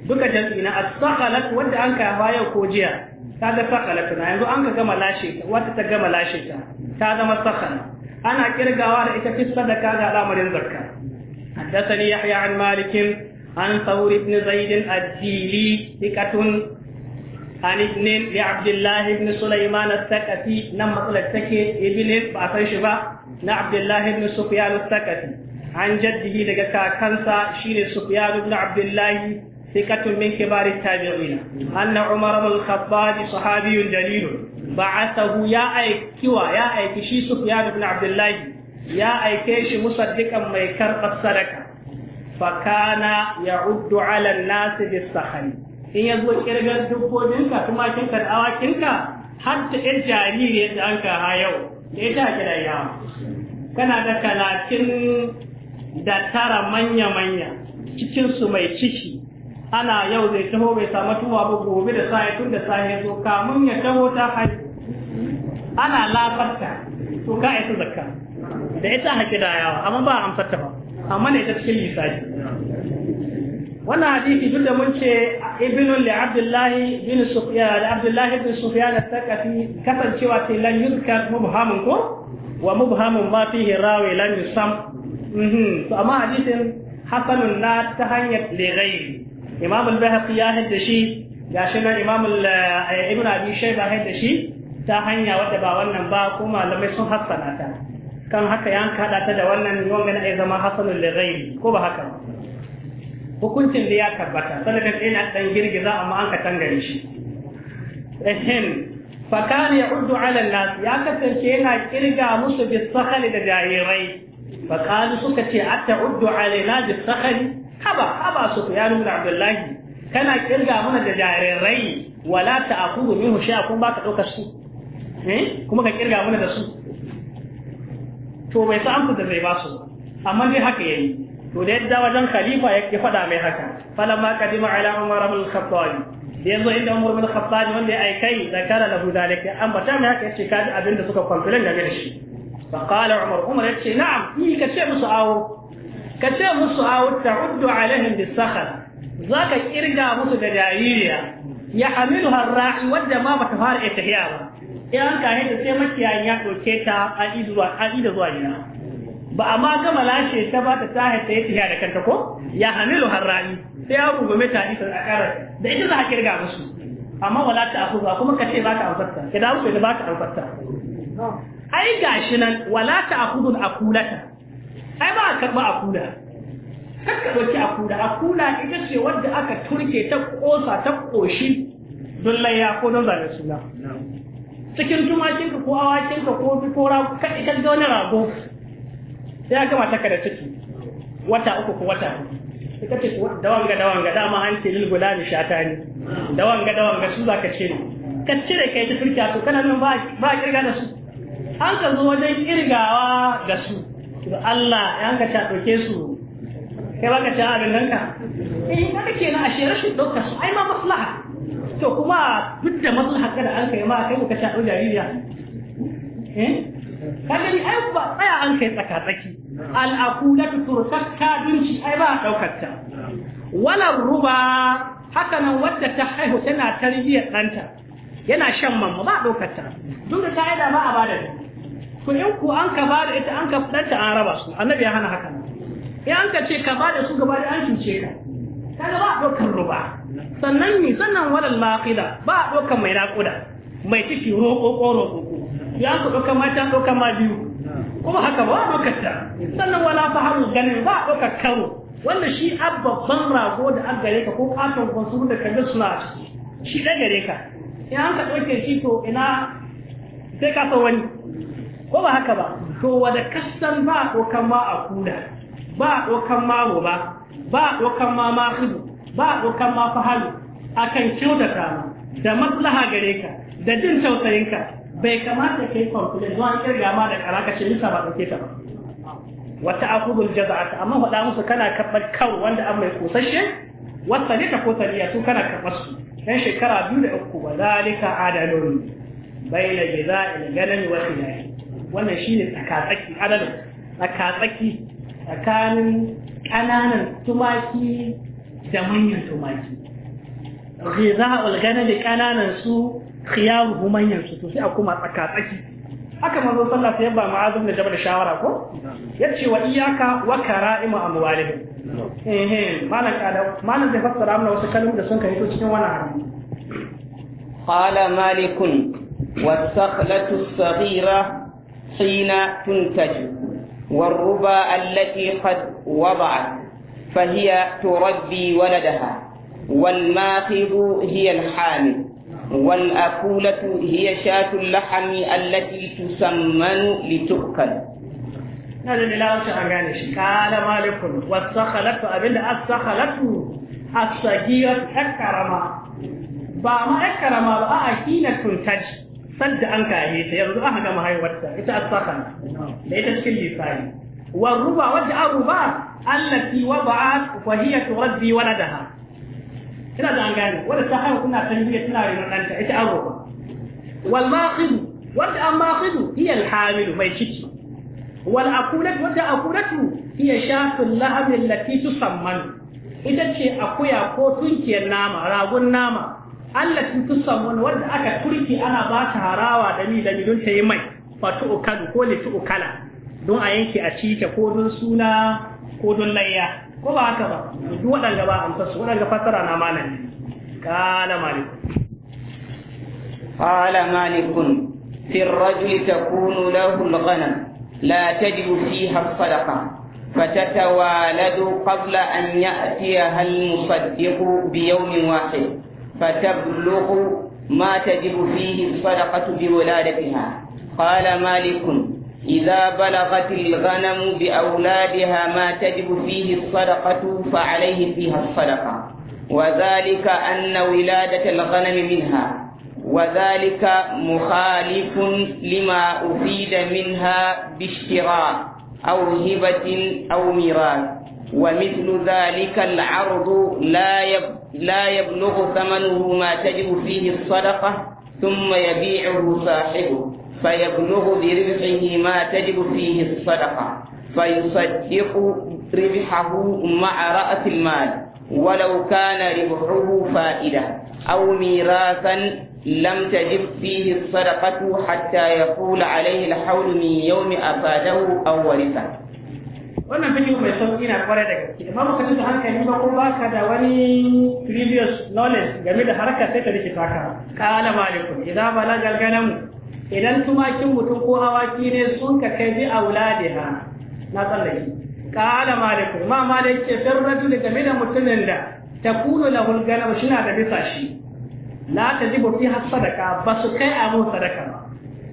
duka jam'i na as-saqalat wanda an kai hawa ko jiya kaga saqalat na yanzu an ka gama lashe ta wata ta gama lashe ta ta zama saqala ana kirgawa da ita fi sadaka ga al'amarin zakka haddathani yahya an malikin, an thawr ibn zaid ad-dili thiqatun عن ابن لعبد الله بن سليمان الثقفي نم مثل التكي ابن بعثي شبا لعبد الله بن سفيان الثقفي عن جده لك كاكنسا شير سفيان بن عبد الله ثقة من كبار التابعين أن عمر بن الخطاب صحابي جليل بعثه يا أي كوا يا أي كشي سفيان بن عبد الله يا أي كيش مصدقا ما يكرق الصدقة فكان يعد على الناس بالسخن in ya zo kirgar dukkoninka tumakinka da awakinka har ta ɗan jariri da an ka ha yau da ita a kira yawa kana da talatin da tara manya-manya cikinsu mai ciki ana yau zai taho bai samu tuwa ba gobe da sa'i tun da sa'i zo kamun ya taho ta haihu ana lafarta to ka isa zakka da ita haƙi da yawa amma ba a amsarta ba amma ne ita cikin lissafi wannan hadisi duk da mun ce ibn li abdullah bin sufyan abdullah bin sufyan at-taqafi kasancewa sai lan yuzkar mubhamun ko wa mubhamun ma fihi rawi lan yusam mhm to amma hadisin hasanun na ta hanyar li ghairi imam al-bahqi ya hadda shi gashi nan imam eh, ibn abi shayba hadda shi ta hanya wadda ba wannan ba kuma malamai sun hassana ta kan haka yan kada ta da wannan wanga na zama hasanul li ghairi ko ba haka hukuncin da ya tabbata sanadar ina dan girgiza amma an ka tangare shi ehin fakan ya uddu ala nas ya kasance yana kirga musu bi sakhali da jarirai fakan suka ce atta uddu ala nas bi sakhali haba haba su ya nuna abdullahi kana kirga mana da jarirai wala ta'khudhu minhu shay'a kun baka daukar su eh kuma ka kirga mana da su to bai san da bai ba su amma dai haka yayi to da yadda wajen khalifa ya faɗa mai haka falamma kadima ala umar ibn khattab yanzu inda umar ibn al-khattab wanda ya aikai zakara lahu dalika amma ta mai haka yace kaji abinda suka complain game da shi fa qala umar umar yace na'am yi ka ce musu awo ka ce musu awo ta'uddu alaihim bis-sakhar zaka kirga musu da jaririya ya hamilu har-ra'i wanda ma bata fara ihtiya ba in an kahe ta sai makiyayin ya doke ta a idu zuwa gida ba a ma gama lashe ta ba ta tahe ta yi da kanta ko ya hamilu harrani sai ya rungume ta isa a karar da ita za a kirga musu amma wala ta aku ba kuma kace ba ta albarta ki dawo ki ba ta albarta ai gashi nan wala ta aku a akulata ai ba a karba akula kakka doki akula akula ita ce wadda aka turke ta kosa ta ƙoshi don layya ko don zane suna cikin tumakinka ko awakinka ko ko rago ka ga wani rago sai aka mata ka da ciki wata uku ko wata hudu ka ce dawanga ga dama an ce lil dawan ga dawanga dawanga su za ka ce ka cire kai ta turkiya to kana nan ba ba kirga da su an ka zo wajen kirgawa ga su to Allah ya ka ta doke su kai baka ta abin nan ka eh ta ke na ashe rashin dokar su ai ma maslaha to kuma duk da maslaha kada an kai ma kai baka ta dau jaririya eh kaga ni ai ba tsaya an kai tsaka tsaki al aqulatu turtakka dunci ai ba daukar ta wala ruba haka nan wadda ta haihu tana tarbiyyar ɗanta, yana shan mamma ba daukar ta duk da ta da ba a bada ku in ku an ka bada ita an ka danta an raba su annabi ya hana haka in an ka ce ka bada su gaba da an cuce ka kaga ba daukar ruba sannan ni sannan wala laqida ba daukar mai naƙuda, mai ciki roƙo roƙo ya ku ɗauka mata ɗauka ma biyu kuma haka ba ɗaukar ta sannan wala haru ganin ba ɗaukar karo wanda shi Abba ban rago da an gare ka ko katon kwansu da kaga suna a ciki shi ɗan gare ka in an ka ɗauke shi to ina sai ka fa wani ko ba haka ba to wada kasan ba ɗaukan ma a kuda ba ɗaukan ma roba ba ɗaukan ma mahibu ba ɗaukan ma haru akan kyautata da maslaha gare ka da jin tausayinka bai kamata ka yi kwalkulin zuwa an kirga ma da kara kace nisa ba ɗauke ta ba wata akudul jaza'ata amma faɗa musu kana karɓar kawo wanda an mai kusashe wata ne ta kosariya su kana karɓar su ɗan shekara biyu da uku ba zalika adalun bai na za in ganin wasu yayi wannan shine tsakatsaki adalun tsakatsaki tsakanin ƙananan tumaki da manyan tumaki giza'ul ganin ƙananan su khiyaruhu manyan su to sai a koma tsaka tsaki haka manzo sallah sai ba ma'azum da jabal shawara ko yace wa iyyaka wa kara'imu amwalihim eh eh malan kada malan zai fassara mana wasu kalmomi da sun kai to cikin wannan hadisi qala malikun والسخلة الصغيرة حين تنتج والربا التي قد وضعت فهي تربي ولدها والماخذ هي الحامل والأكولة هي شاة اللحم التي تسمن لتؤكل هذا اللي لا وش يعني. قال مالك والسخلت أبن السخلت الصغيرة أكرما بعما أكرما أكينة تنتج صد أنك هي سيرد أهنا ما هي ورثة إذا السخن ليت كل يفعل والربع وجه التي وضعت وهي تربي ولدها kina da an gane wanda ta haihu kuna tarbiyya tana na ɗanta ita an roƙa wal maqid wanda an maqid hiya al hamil mai ciki wal akulat wanda akulatu hiya shafin lahab allati tusamman ita ce akuya ko tunkiyar nama ragun nama allati tusamman wanda aka turki ana ba ta harawa da mi da mi don ta yi mai fatu ukalu ko litu ukala don a yanke a cike ko don suna ko don layya ko ba haka ba duk waɗanda ba waɗanda قال مالك في الرجل تكون له الغنم لا تجد فيها الصدقة فتتوالد قبل أن يأتيها المصدق بيوم واحد فتبلغ ما تجب فيه الصدقة بولادتها قال مالك إذا بلغت الغنم بأولادها ما تجب فيه الصدقة فعليه فيها الصدقة وذلك أن ولادة الغنم منها وذلك مخالف لما أفيد منها باشتراء أو هبة أو ميراث ومثل ذلك العرض لا لا يبلغ ثمنه ما تجب فيه الصدقة ثم يبيعه صاحبه فيبلغ بربحه ما تجب فيه الصدقة فيصدق ربحه مع رأس المال ولو كان ربحه فائدة أو ميراثا لم تجب فيه الصدقة حتى يحول عليه الحول من يوم أفاده أو ورثه wannan fikihu mai sauki na kwarai da gaske amma baka ji hankali ba ko baka da wani previous knowledge game da harkar sai ta rike taka idan ba na balagal ganamu idan tumakin mutum ko hawaki ne sun ka kai bi auladiha na tsallake qala malik ma malik ce fir rajul game da mutumin da takunu lahu al shi na da bisa shi la tajibu fi hasadaka ba su kai a mu sadaka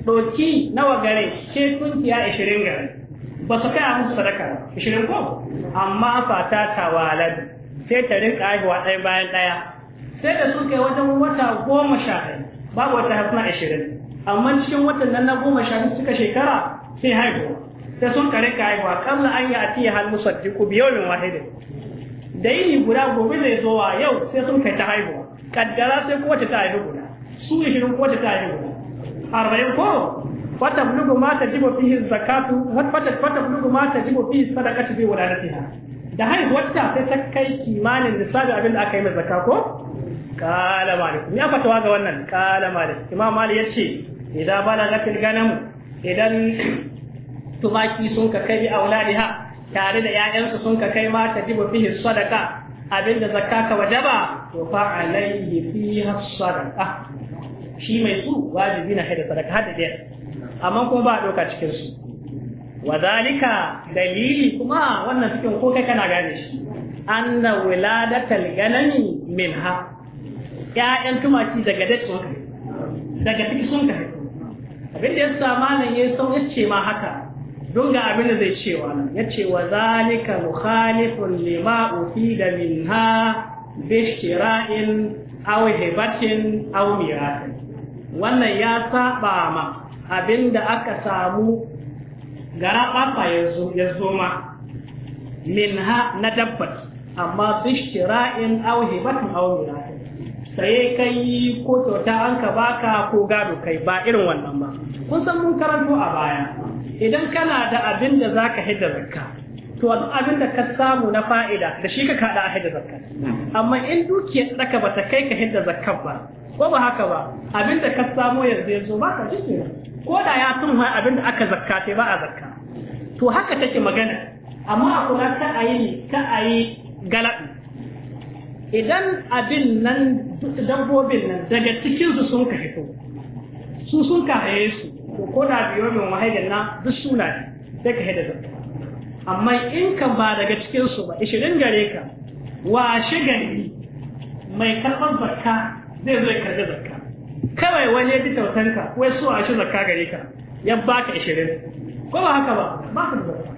ba doki nawa gare ke kuntiya 20 gare ba su kai a mu sadaka ba 20 ko amma fata tawalad sai ta rinka aihuwa ɗaya bayan ɗaya sai da su yi wajen wata goma sha ɗaya babu wata hasna ashirin amma cikin watan nan na goma sha biyu suka shekara sai haihuwa sai sun kare ka haihuwa kamar an yi a tiya hal musaddiku biyawin wahidin da yini guda gobe zai zo wa yau sai sun kai ta haihuwa kaddara sai kowace ta haihu guda su ishirin kowace ta haihu guda arba'in ko fata bulugu ma ta jibo fihi zakatu fata fata bulugu ma ta jibo fihi sadaqatu bi waladatiha da haihuwarta sai ta kai kimanin nisabi abin da aka yi mai zakka ko kala malik ya fatawa ga wannan kala malik imam malik yace idan balagatil ganam idan tumaki sun ka kai auladiha tare da 'ya'yansu sun ka kai ma tajibu fihi sadaka abinda zakka ka wadaba to fa alayhi fiha sadaqa shi mai su wajibi na haida sadaka hada da amma kuma ba a doka cikin su wadhalika dalili kuma wannan cikin ko kai kana gane shi anna wiladatal ganami minha ya'yan tumaki daga dace daga ciki sun kai. abin ya sama nan ya sau ya ce ma haka don ga abin da zai cewa nan ya ce wa zalika mukhalifun lima ufida ha bishira'in aw hibatin aw miratin wannan ya saba ma abin da aka samu gara papa ya zo ma ha na dabbat amma bishira'in aw hibatin aw miratin saye kai ko kyauta an ka baka ko gado kai ba irin wannan ba kun san mun karanto a baya idan kana da abin da zaka hidda zakka to a abin da ka samu na fa'ida da shi ka kada a hidda zakka amma in dukiyar daka bata kai ka hidda zakka ba ko ba haka ba abin da ka samu yanzu yanzu ba ka jike ko da ya tun abin da aka zakka sai ba a zakka to haka take magana amma a ta ka ayi ka ayi galabi idan abin nan dabbobin nan daga cikin su sun ka hito su sun ka haye su ko da biyo min wahayin na duk suna ne sai ka haida da amma in ka ba daga cikin su ba ishirin gare ka washe gari mai karɓar zakka zai zo ya karɓi zakka kawai wani ya bi tautanka wai so a shi zakka gare ka ya baka ishirin ko ba haka ba ba ka da zakka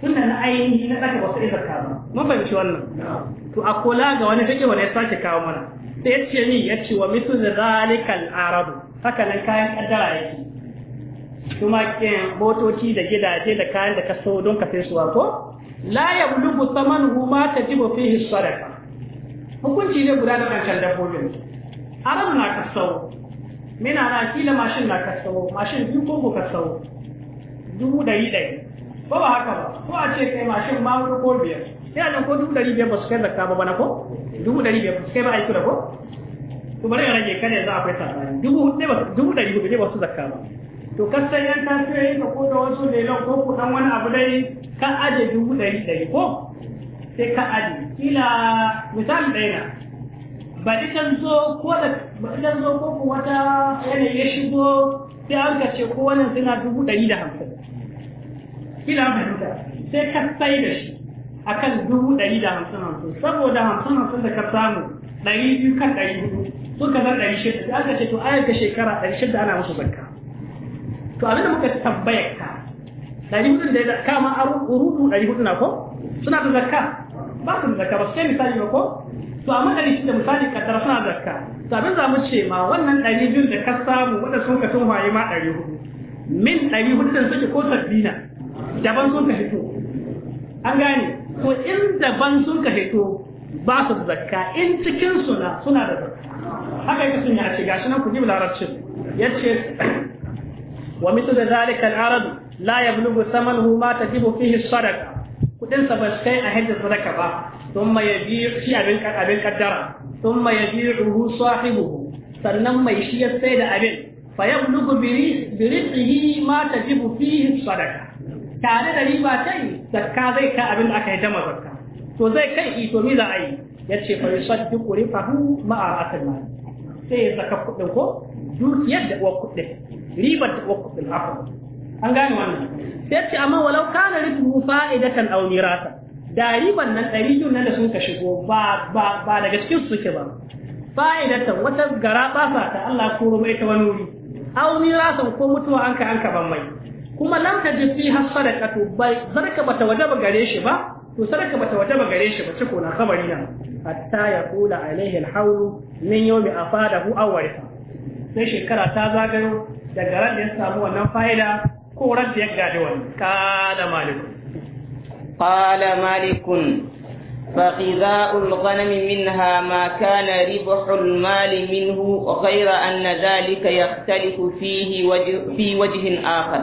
tunda na ainihi na ɗaka ba su zakka ba mabanci wannan to a kula ga wani fiƙi wani ya sake kawo mana sai ya ce ni ya ce wa mitu zalikal arabu haka nan kayan kaddara yake kuma kin eh, motoci da gidaje da kayan da ka so don ka sai suwa ko la yablugu thamanuhu ma tajibu fihi sadaqa hukunci ne guda da kancan dabbobin arab na kasawo mina na kila mashin na kasawo mashin biyu ko ka kasawo dubu ɗari ɗari ba ba haka ba ko a ce kai mashin ma ko biyar sai nan ko dubu dari biyar ba su kai zakka ba bana ko dubu dari biyar ba su kai ba aiki da ko to bari ya rage kan yanzu akwai sabani dubu dubu dari hudu ne ba su zakka ba to kasan yan ta tafiyoyi ka ko da wasu lelon ko ku dan wani abu dai ka aje dubu dari dari ko sai ka aje kila misali ɗaya na ba idan zo ko da ba idan zo ko ku wata yanayi ya shigo sai an ka ko wannan suna dubu dari da hamsin kila mai sai ka sai da shi akan dubu ɗari da hamsin hamsin saboda hamsin hamsin da ka samu ɗari biyu kan ɗari hudu sun zan ɗari shida da aka ce to ayar da shekara ɗari shida ana musu zakka to abin da muka tambayar ka ɗari hudu da kama a rubu ɗari hudu na ko suna da zakka ba su da zakka ba su kai misali ba ko to amma ɗari shida misali tara suna zakka to abin za mu ce ma wannan ɗari biyu da ka samu wanda sun ka tun waye ma ɗari hudu min ɗari hudu da suke ko sabbina daban sun ka fito an gane ko in daban sun ka hito ba su zakka in cikin suna suna da zakka haka yake sun ya ce gashi nan ku ji larabcin ce, wa mithlu dhalika al-arad la yablughu thamanuhu ma tajibu fihi as-sadaqa kudin sa ba kai a hadda sadaka ba thumma yabi'u shi abin abin kaddara thumma yabi'uhu sahibuhu sannan mai shi ya sai da abin fa yablughu bi rizqihi ma tajibu fihi as-sadaqa tare da riba kai zakka zai kai abin da aka yi ta mazakka to zai kai ki to mi za a yi ya ce fa yusaddu qurifahu ma'a asal mal sai ya saka kuɗin ko dukiyar da uwar kudin ribar da uwar kuɗin haka an gane wannan sai ce amma walau kana ribu fa'idatan aw mirata da ribar nan ɗari biyu nan da sun ka shigo ba ba ba daga cikin suke ba fa'idatan wata gara ba ta Allah ko mai ta wani wuri aw miratan ko mutuwa an kai an ka ban mai kuma lam tajid fiha sadaqatu bai sadaka bata wajaba gare shi ba to sadaka bata wajaba gare shi ba ce ko na kabari nan hatta yaqula alaihi alhawl min yawmi afadahu aw warisa sai shekara ta zagayo daga ran da ya samu wannan fa'ida ko ran da ya gadi wani kada malik qala malikun فغذاء الغنم منها ما كان ربح المال منه غير أن ذلك يختلف فيه وجه في وجه آخر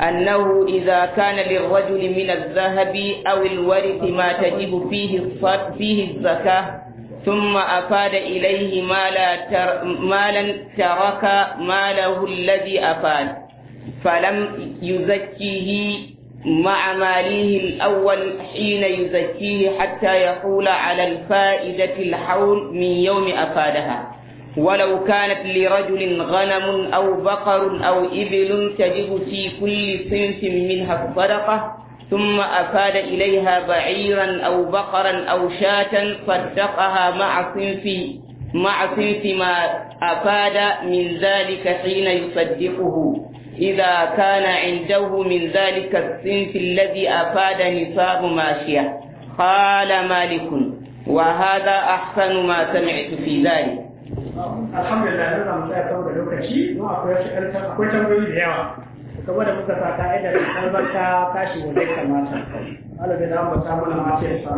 أنه إذا كان للرجل من الذهب أو الورث ما تجب فيه فيه الزكاة ثم أفاد إليه مالا تر مالا ترك ماله الذي أفاد فلم يزكيه مع ماله الأول حين يزكيه حتى يقول على الفائدة الحول من يوم أفادها ولو كانت لرجل غنم أو بقر أو إبل تجب في كل صنف منها الصدقة ثم أفاد إليها بعيرا أو بقرا أو شاة صدقها مع صنف مع صنف ما أفاد من ذلك حين يصدقه إذا كان عنده من ذلك الصنف الذي أفاد نصاب ماشية قال مالك وهذا أحسن ما سمعت في ذلك alhamdulillah na zamu tsaya saboda lokaci mu akwai akwai tambayoyi da yawa saboda muka sa ka'ida da albarka tashi wanda dai kamata Allah bai damu ta mana ma sai sa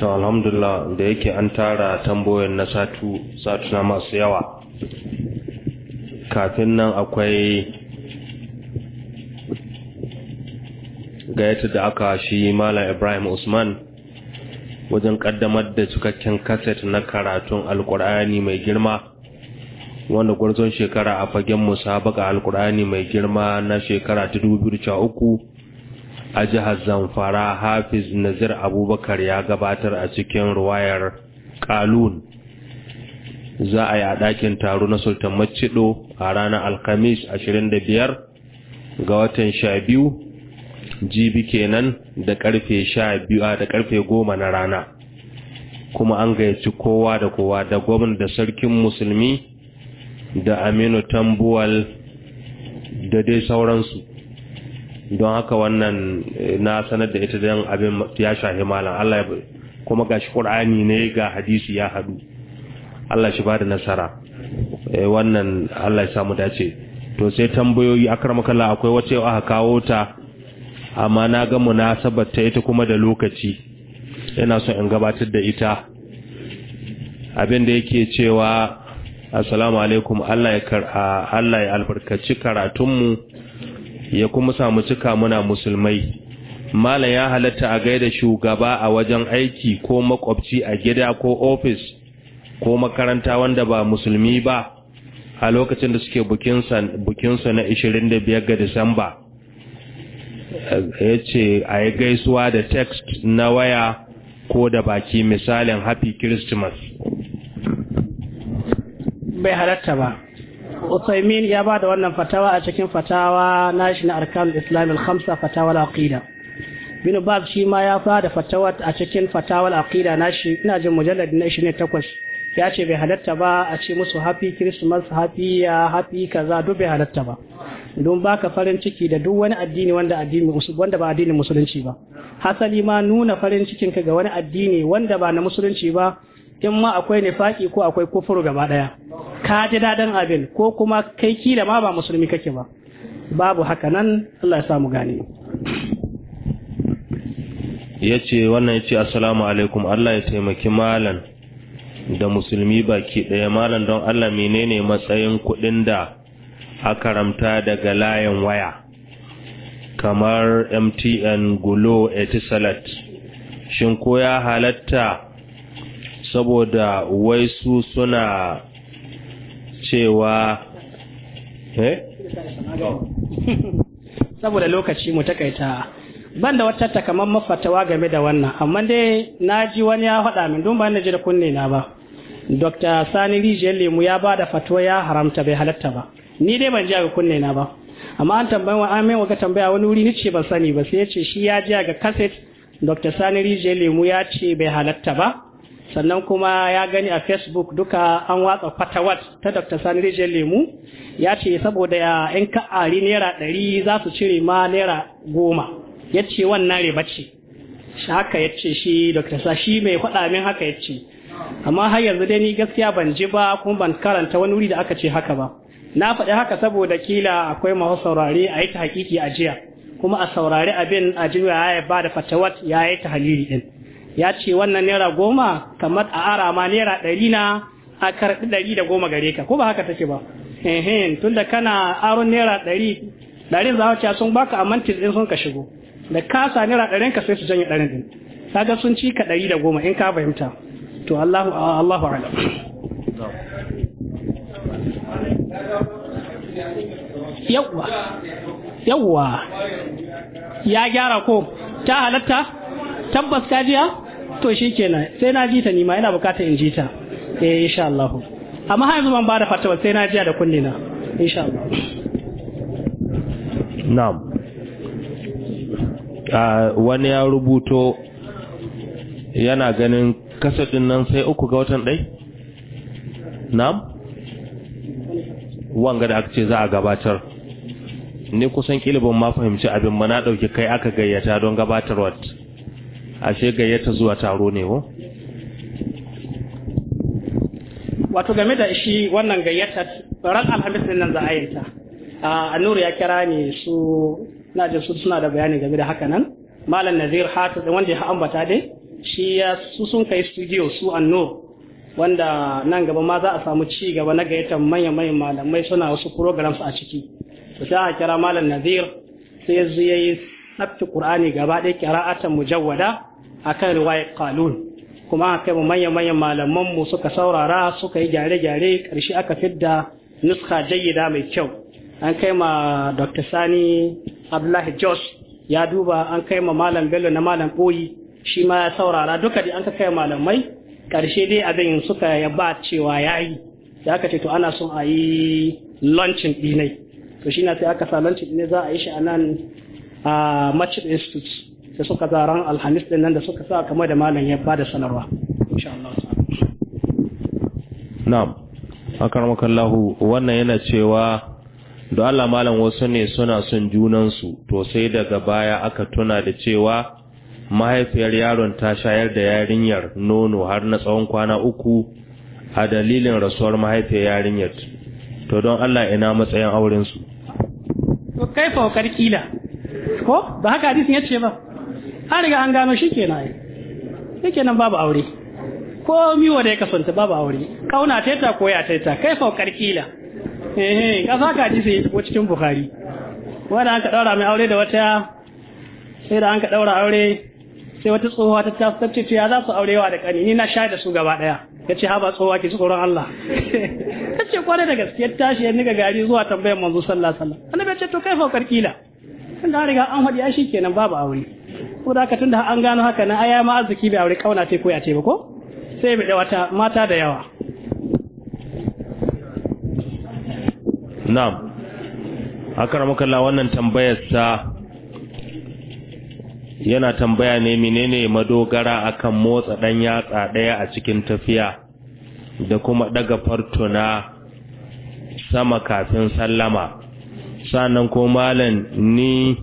to alhamdulillah da yake an tara tambayoyin na satu satu na masu yawa kafin nan akwai yadda da aka shi Malam Ibrahim Usman wajen kaddamar da cikakken kaset na karatun alkur'ani mai girma wanda gwarzon shekara a fagen musabaka alkur'ani mai girma na shekara ta uku a jihar zamfara hafiz nazir abubakar ya gabatar a cikin ruwayar kalun za a yi a ɗakin taro na sultan macido a ranar alkhamis biyar ga watan sha biyu jibi kenan da karfe sha biyu da karfe goma na rana kuma an gayyaci kowa da kowa da gwamnan da sarkin musulmi da aminu tambuwal da dai sauransu don haka wannan eh, na sanar da ita don abin ya shahi malam Allah kuma ga shi ƙur'ani ne ga hadisi ya hadu Allah shi ba da nasara eh, wannan Allah ya samu dace to sai tambayoyi akar makalla akwai wacewa aka kawo ta amma na ga munasabar ta ita kuma da lokaci yana so in gabatar da ita abin da yake cewa assalamu alaikum Allah ya kar'a Allah ya albarkaci karatunmu ya kuma samu cika muna musulmai malam ya halatta a gaida shugaba a wajen aiki ko makwabci a gida ko ofis ko makaranta wanda ba musulmi ba a lokacin da suke sa na 25 ga Disamba ya ce a yi gaisuwa da text na waya ko da baki misalin happy christmas bai halatta ba Usaimin ya ba da wannan fatawa a cikin fatawa nashi na arkanul islam al-khamsa fatawa al-aqida binu shi ma ya da fatawa a cikin fatawa al-aqida shi ina jin mujallad na ne takwas." Ya ce bai halatta ba a ce musu happy christmas happy ya happy kaza duk bai halatta ba don baka farin ciki da duk wani addini wanda addini ba addinin musulunci ba hasali ma nuna farin cikin ka ga wani addini wanda ba na musulunci ba in ma akwai nifaki ko akwai kufuru gaba daya ka ji daɗin abin ko kuma kai kila ma ba musulmi kake ba babu haka nan Allah ya samu gane ya ce wannan ya assalamu alaikum Allah ya taimaki malam da musulmi baki ɗaya malam don Allah menene matsayin kuɗin da aka ramta daga layin waya kamar MTN gulo Etisalat shin ko ya halatta saboda wai su suna cewa eh saboda lokaci mu takaita ban da wata takamaiman mafatawa game da wannan amma dai na ji wani ya faɗa min don ba na ji da kunne na ba dr sani rijiyar lemu ya ba da fatuwa ya haramta bai halatta ba ni dai ban ji ga kunne na ba amma an tambayi wa amin waka tambaya wani wuri ni ce ban sani ba sai ya ce shi ya ji ga kaset dr sani rijiyar lemu ya ce bai halatta ba sannan kuma ya gani a facebook duka an watsa fatawat ta dr sani rijiyar lemu ya ce saboda ya yan ka'ari naira ɗari za su cire ma naira goma ya ce wannan riba ce shi haka ya ce shi dr sashi mai faɗa min haka ya ce amma har yanzu dai ni gaskiya ban ji ba kuma ban karanta wani wuri da aka ce haka ba na faɗi haka saboda kila akwai masu saurare a yi ta hakiki a jiya kuma a saurari abin a jiya ya ba da fatawat ya yi ta haliri din ya ce wannan naira goma kamar a ara ma ɗari na a ɗari da goma gare ka ko ba haka take ba tun da kana aron naira ɗari ɗarin za a sun baka a mantis ɗin sun ka shigo da ka nira ɗarin ka sai su janye ɗarin ɗin kaga sun ci ka ɗari da goma in ka fahimta to Allahu Allahu a'lam yawwa yawwa ya gyara ko ta halatta tabbas kajiya to shikenan sai na jita ni nima ina bukata in jita ta eh insha Allah amma har yanzu ban ba da fatawa sai na jiya da kullina insha Allah na'am wani ya rubuto yana ganin kasadin nan sai uku ga watan ɗai? Nam? wanga da aka ce za a gabatar ni kusan kilibin ma fahimci abin mana na ɗauki kai aka gayyata don gabatarwa ashe gayyata zuwa taro ne wo? wato game da shi wannan gayyata ran alhamis nan za a yinta a nuru ya kira ni su ina jin su suna da bayani game da haka nan malam nazir hatu da wanda ya ambata dai shi ya su sun kai studio su anno wanda nan gaba ma za a samu ci gaba na gayyatar manyan manyan malamai suna wasu programs a ciki to sai a kira malam nazir sai ya yi yayi sabta qur'ani gaba ɗaya qira'atan mujawwada akan riwaya qalun kuma aka mu manyan manyan malaman mu suka saurara suka yi gyare-gyare karshe aka da nuska jayyida mai kyau an kai ma dr sani abdullahi jos ya duba an kai ma malam bello na malam koyi shi ma ya saurara duka da an ka kai malamai karshe dai abin suka ya ba cewa ya yi da aka ce to ana son a yi lancin dinai to shi na sai aka sa lancin dinai za a yi shi a nan a machin institute da suka zaran alhamis din nan da suka sa kama da malam ya ba da sanarwa insha Allah na'am akan wannan yana cewa don Allah malam wasu ne suna son junansu to sai daga baya aka tuna da cewa mahaifiyar yaron ta shayar da yarinyar nono har na tsawon kwana uku a dalilin rasuwar mahaifiyar yarinyar to don Allah ina matsayin aurensu to kai fa kila ko ba haka hadisin ce ba an riga an gano shi kenan shi kenan babu aure ko miwa da ya kasance babu aure kauna taita ko ya taita kai fa kila eh ka saka hadisi ko cikin bukhari wanda an ka daura mai aure da wata sai da an ka daura aure sai wata tsohuwa ta tafi ta ya za su aurewa da kani ni na sha da su gaba daya yace ha ba tsohuwa ki tsoron Allah ce kwana da gaskiyar tashi ya niga gari zuwa tambayar manzo sallallahu alaihi wasallam annabi ya ce to kai faukar kila tunda da riga an faɗi ai shikenan babu aure ko da haka tunda an gano haka na aya ma arziki bai aure kauna ce ko ya ce ba ko sai bi da wata mata da yawa na'am akaramakalla wannan tambayar sa yana tambaya ne menene madogara akan motsa ɗan yatsa ɗaya a cikin tafiya da kuma daga fartuna sama kafin sallama sannan ko malam ni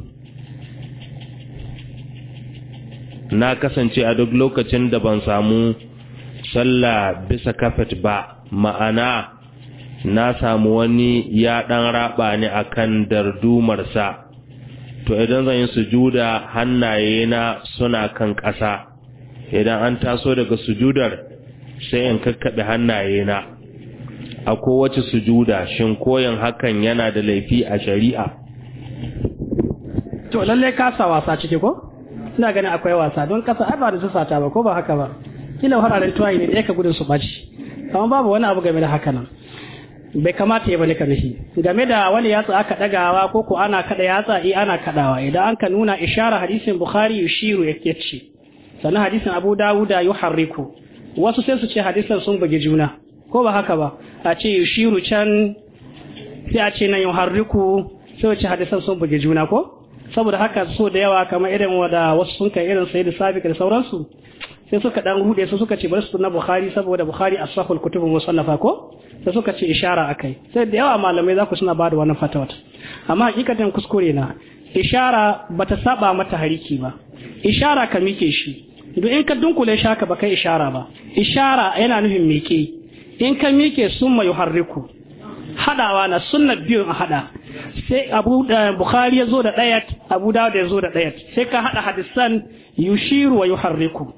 na kasance a duk lokacin da ban samu sallah bisa kafet ba ma'ana na samu wani ya ɗan raɓa ni akan dardumarsa to idan zan yi sujuda hannayena suna kan ƙasa idan an taso daga sujudar sai in kakkaɓe hannayena a kowace sujuda shin koyan hakan yana da laifi a shari'a to lalle ka sa wasa ciki ko ina ganin akwai wasa don kasa ai ba da ta ba ko ba haka ba kila fararen tuwaye ne da ka gudun su ɓaci amma babu wani abu game da haka nan bai kamata ya bane karshi game da wani yatsa aka dagawa ko ko ana kada yatsa eh ana kadawa idan an ka nuna ishara hadisin bukhari yushiru yake ce sannan hadisin abu dawuda yuharriku wasu sai su ce hadisan sun bugi juna ko ba haka ba a ce yushiru can sai a ce nan yuharriku sai ce hadisan sun bugi juna ko saboda haka so da yawa kamar irin wada wasu sun kai irin sayyid sabiq da sauransu sai suka dan rude su suka ce bari su na bukhari saboda bukhari as-sahul kutubun musannafa ko sai suka ce ishara akai sai da yawa malamai za ku suna bada wannan fatawa amma hakikatan kuskure na ishara bata saba mata hariki ba ishara ka mike shi duk in ka dunkule shaka ba kai ishara ba ishara yana nufin mike in ka mike summa yuharriku hadawa na sunnar biyun a hada sai abu eh, bukhari ya zo da dayat abu dawud ya zo da dayat sai ka hada hadisan yushiru wa yuharriku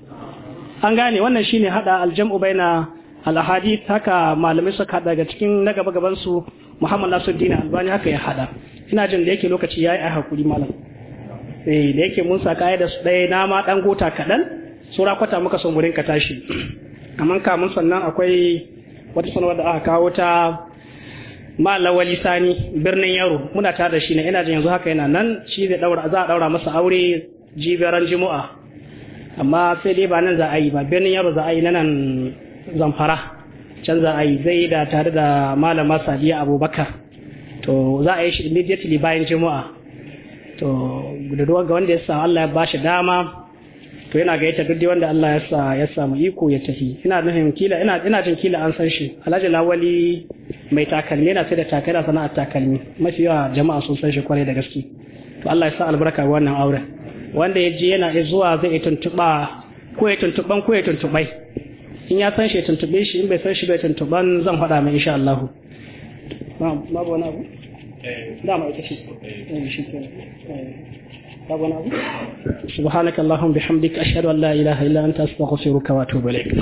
an gane wannan shine hada aljam'u baina na haka malamai suka hada daga cikin na gaba gabansu su Muhammad dina Albani haka ya hada ina jin da yake lokaci yayi a hakuri malam eh da yake mun sa da su dai na ma dan gota kadan sura kwata muka son wurin ka tashi ka mun sannan akwai wata sanarwa da aka kawo ta malawali sani birnin yaro muna tare da shi ne ina jin yanzu haka yana nan shi zai daura za a daura masa aure jibiran jimu'a. amma sai dai ba nan za a yi ba birnin yaro za a yi nan zamfara can za a yi zai da tare da malama sadiya abubakar to za a yi shi immediately bayan juma'a to da ga wanda ya sa Allah ya bashi dama to yana gaita duk dai wanda Allah ya sa ya samu iko ya tafi ina nufin kila ina jin kila an san shi Alhaji Lawali mai takalmi yana sai da takalmi sana'ar takalmi mafi yawa jama'a sun san shi kwarai da gaske to Allah ya sa albarka wannan auren wanda ya je yana zuwa zai yi tuntuɓa ko ya tuntuɓan ko ya tuntuɓai in ya san shi ya tuntuɓe shi in bai san shi bai tuntuɓan zan faɗa mai insha Allah babu wani abu eh. dama ita eh. Eh, shi babu wani abu subhanakallahumma bihamdika ashhadu an la ilaha illa anta astaghfiruka wa atubu ilaik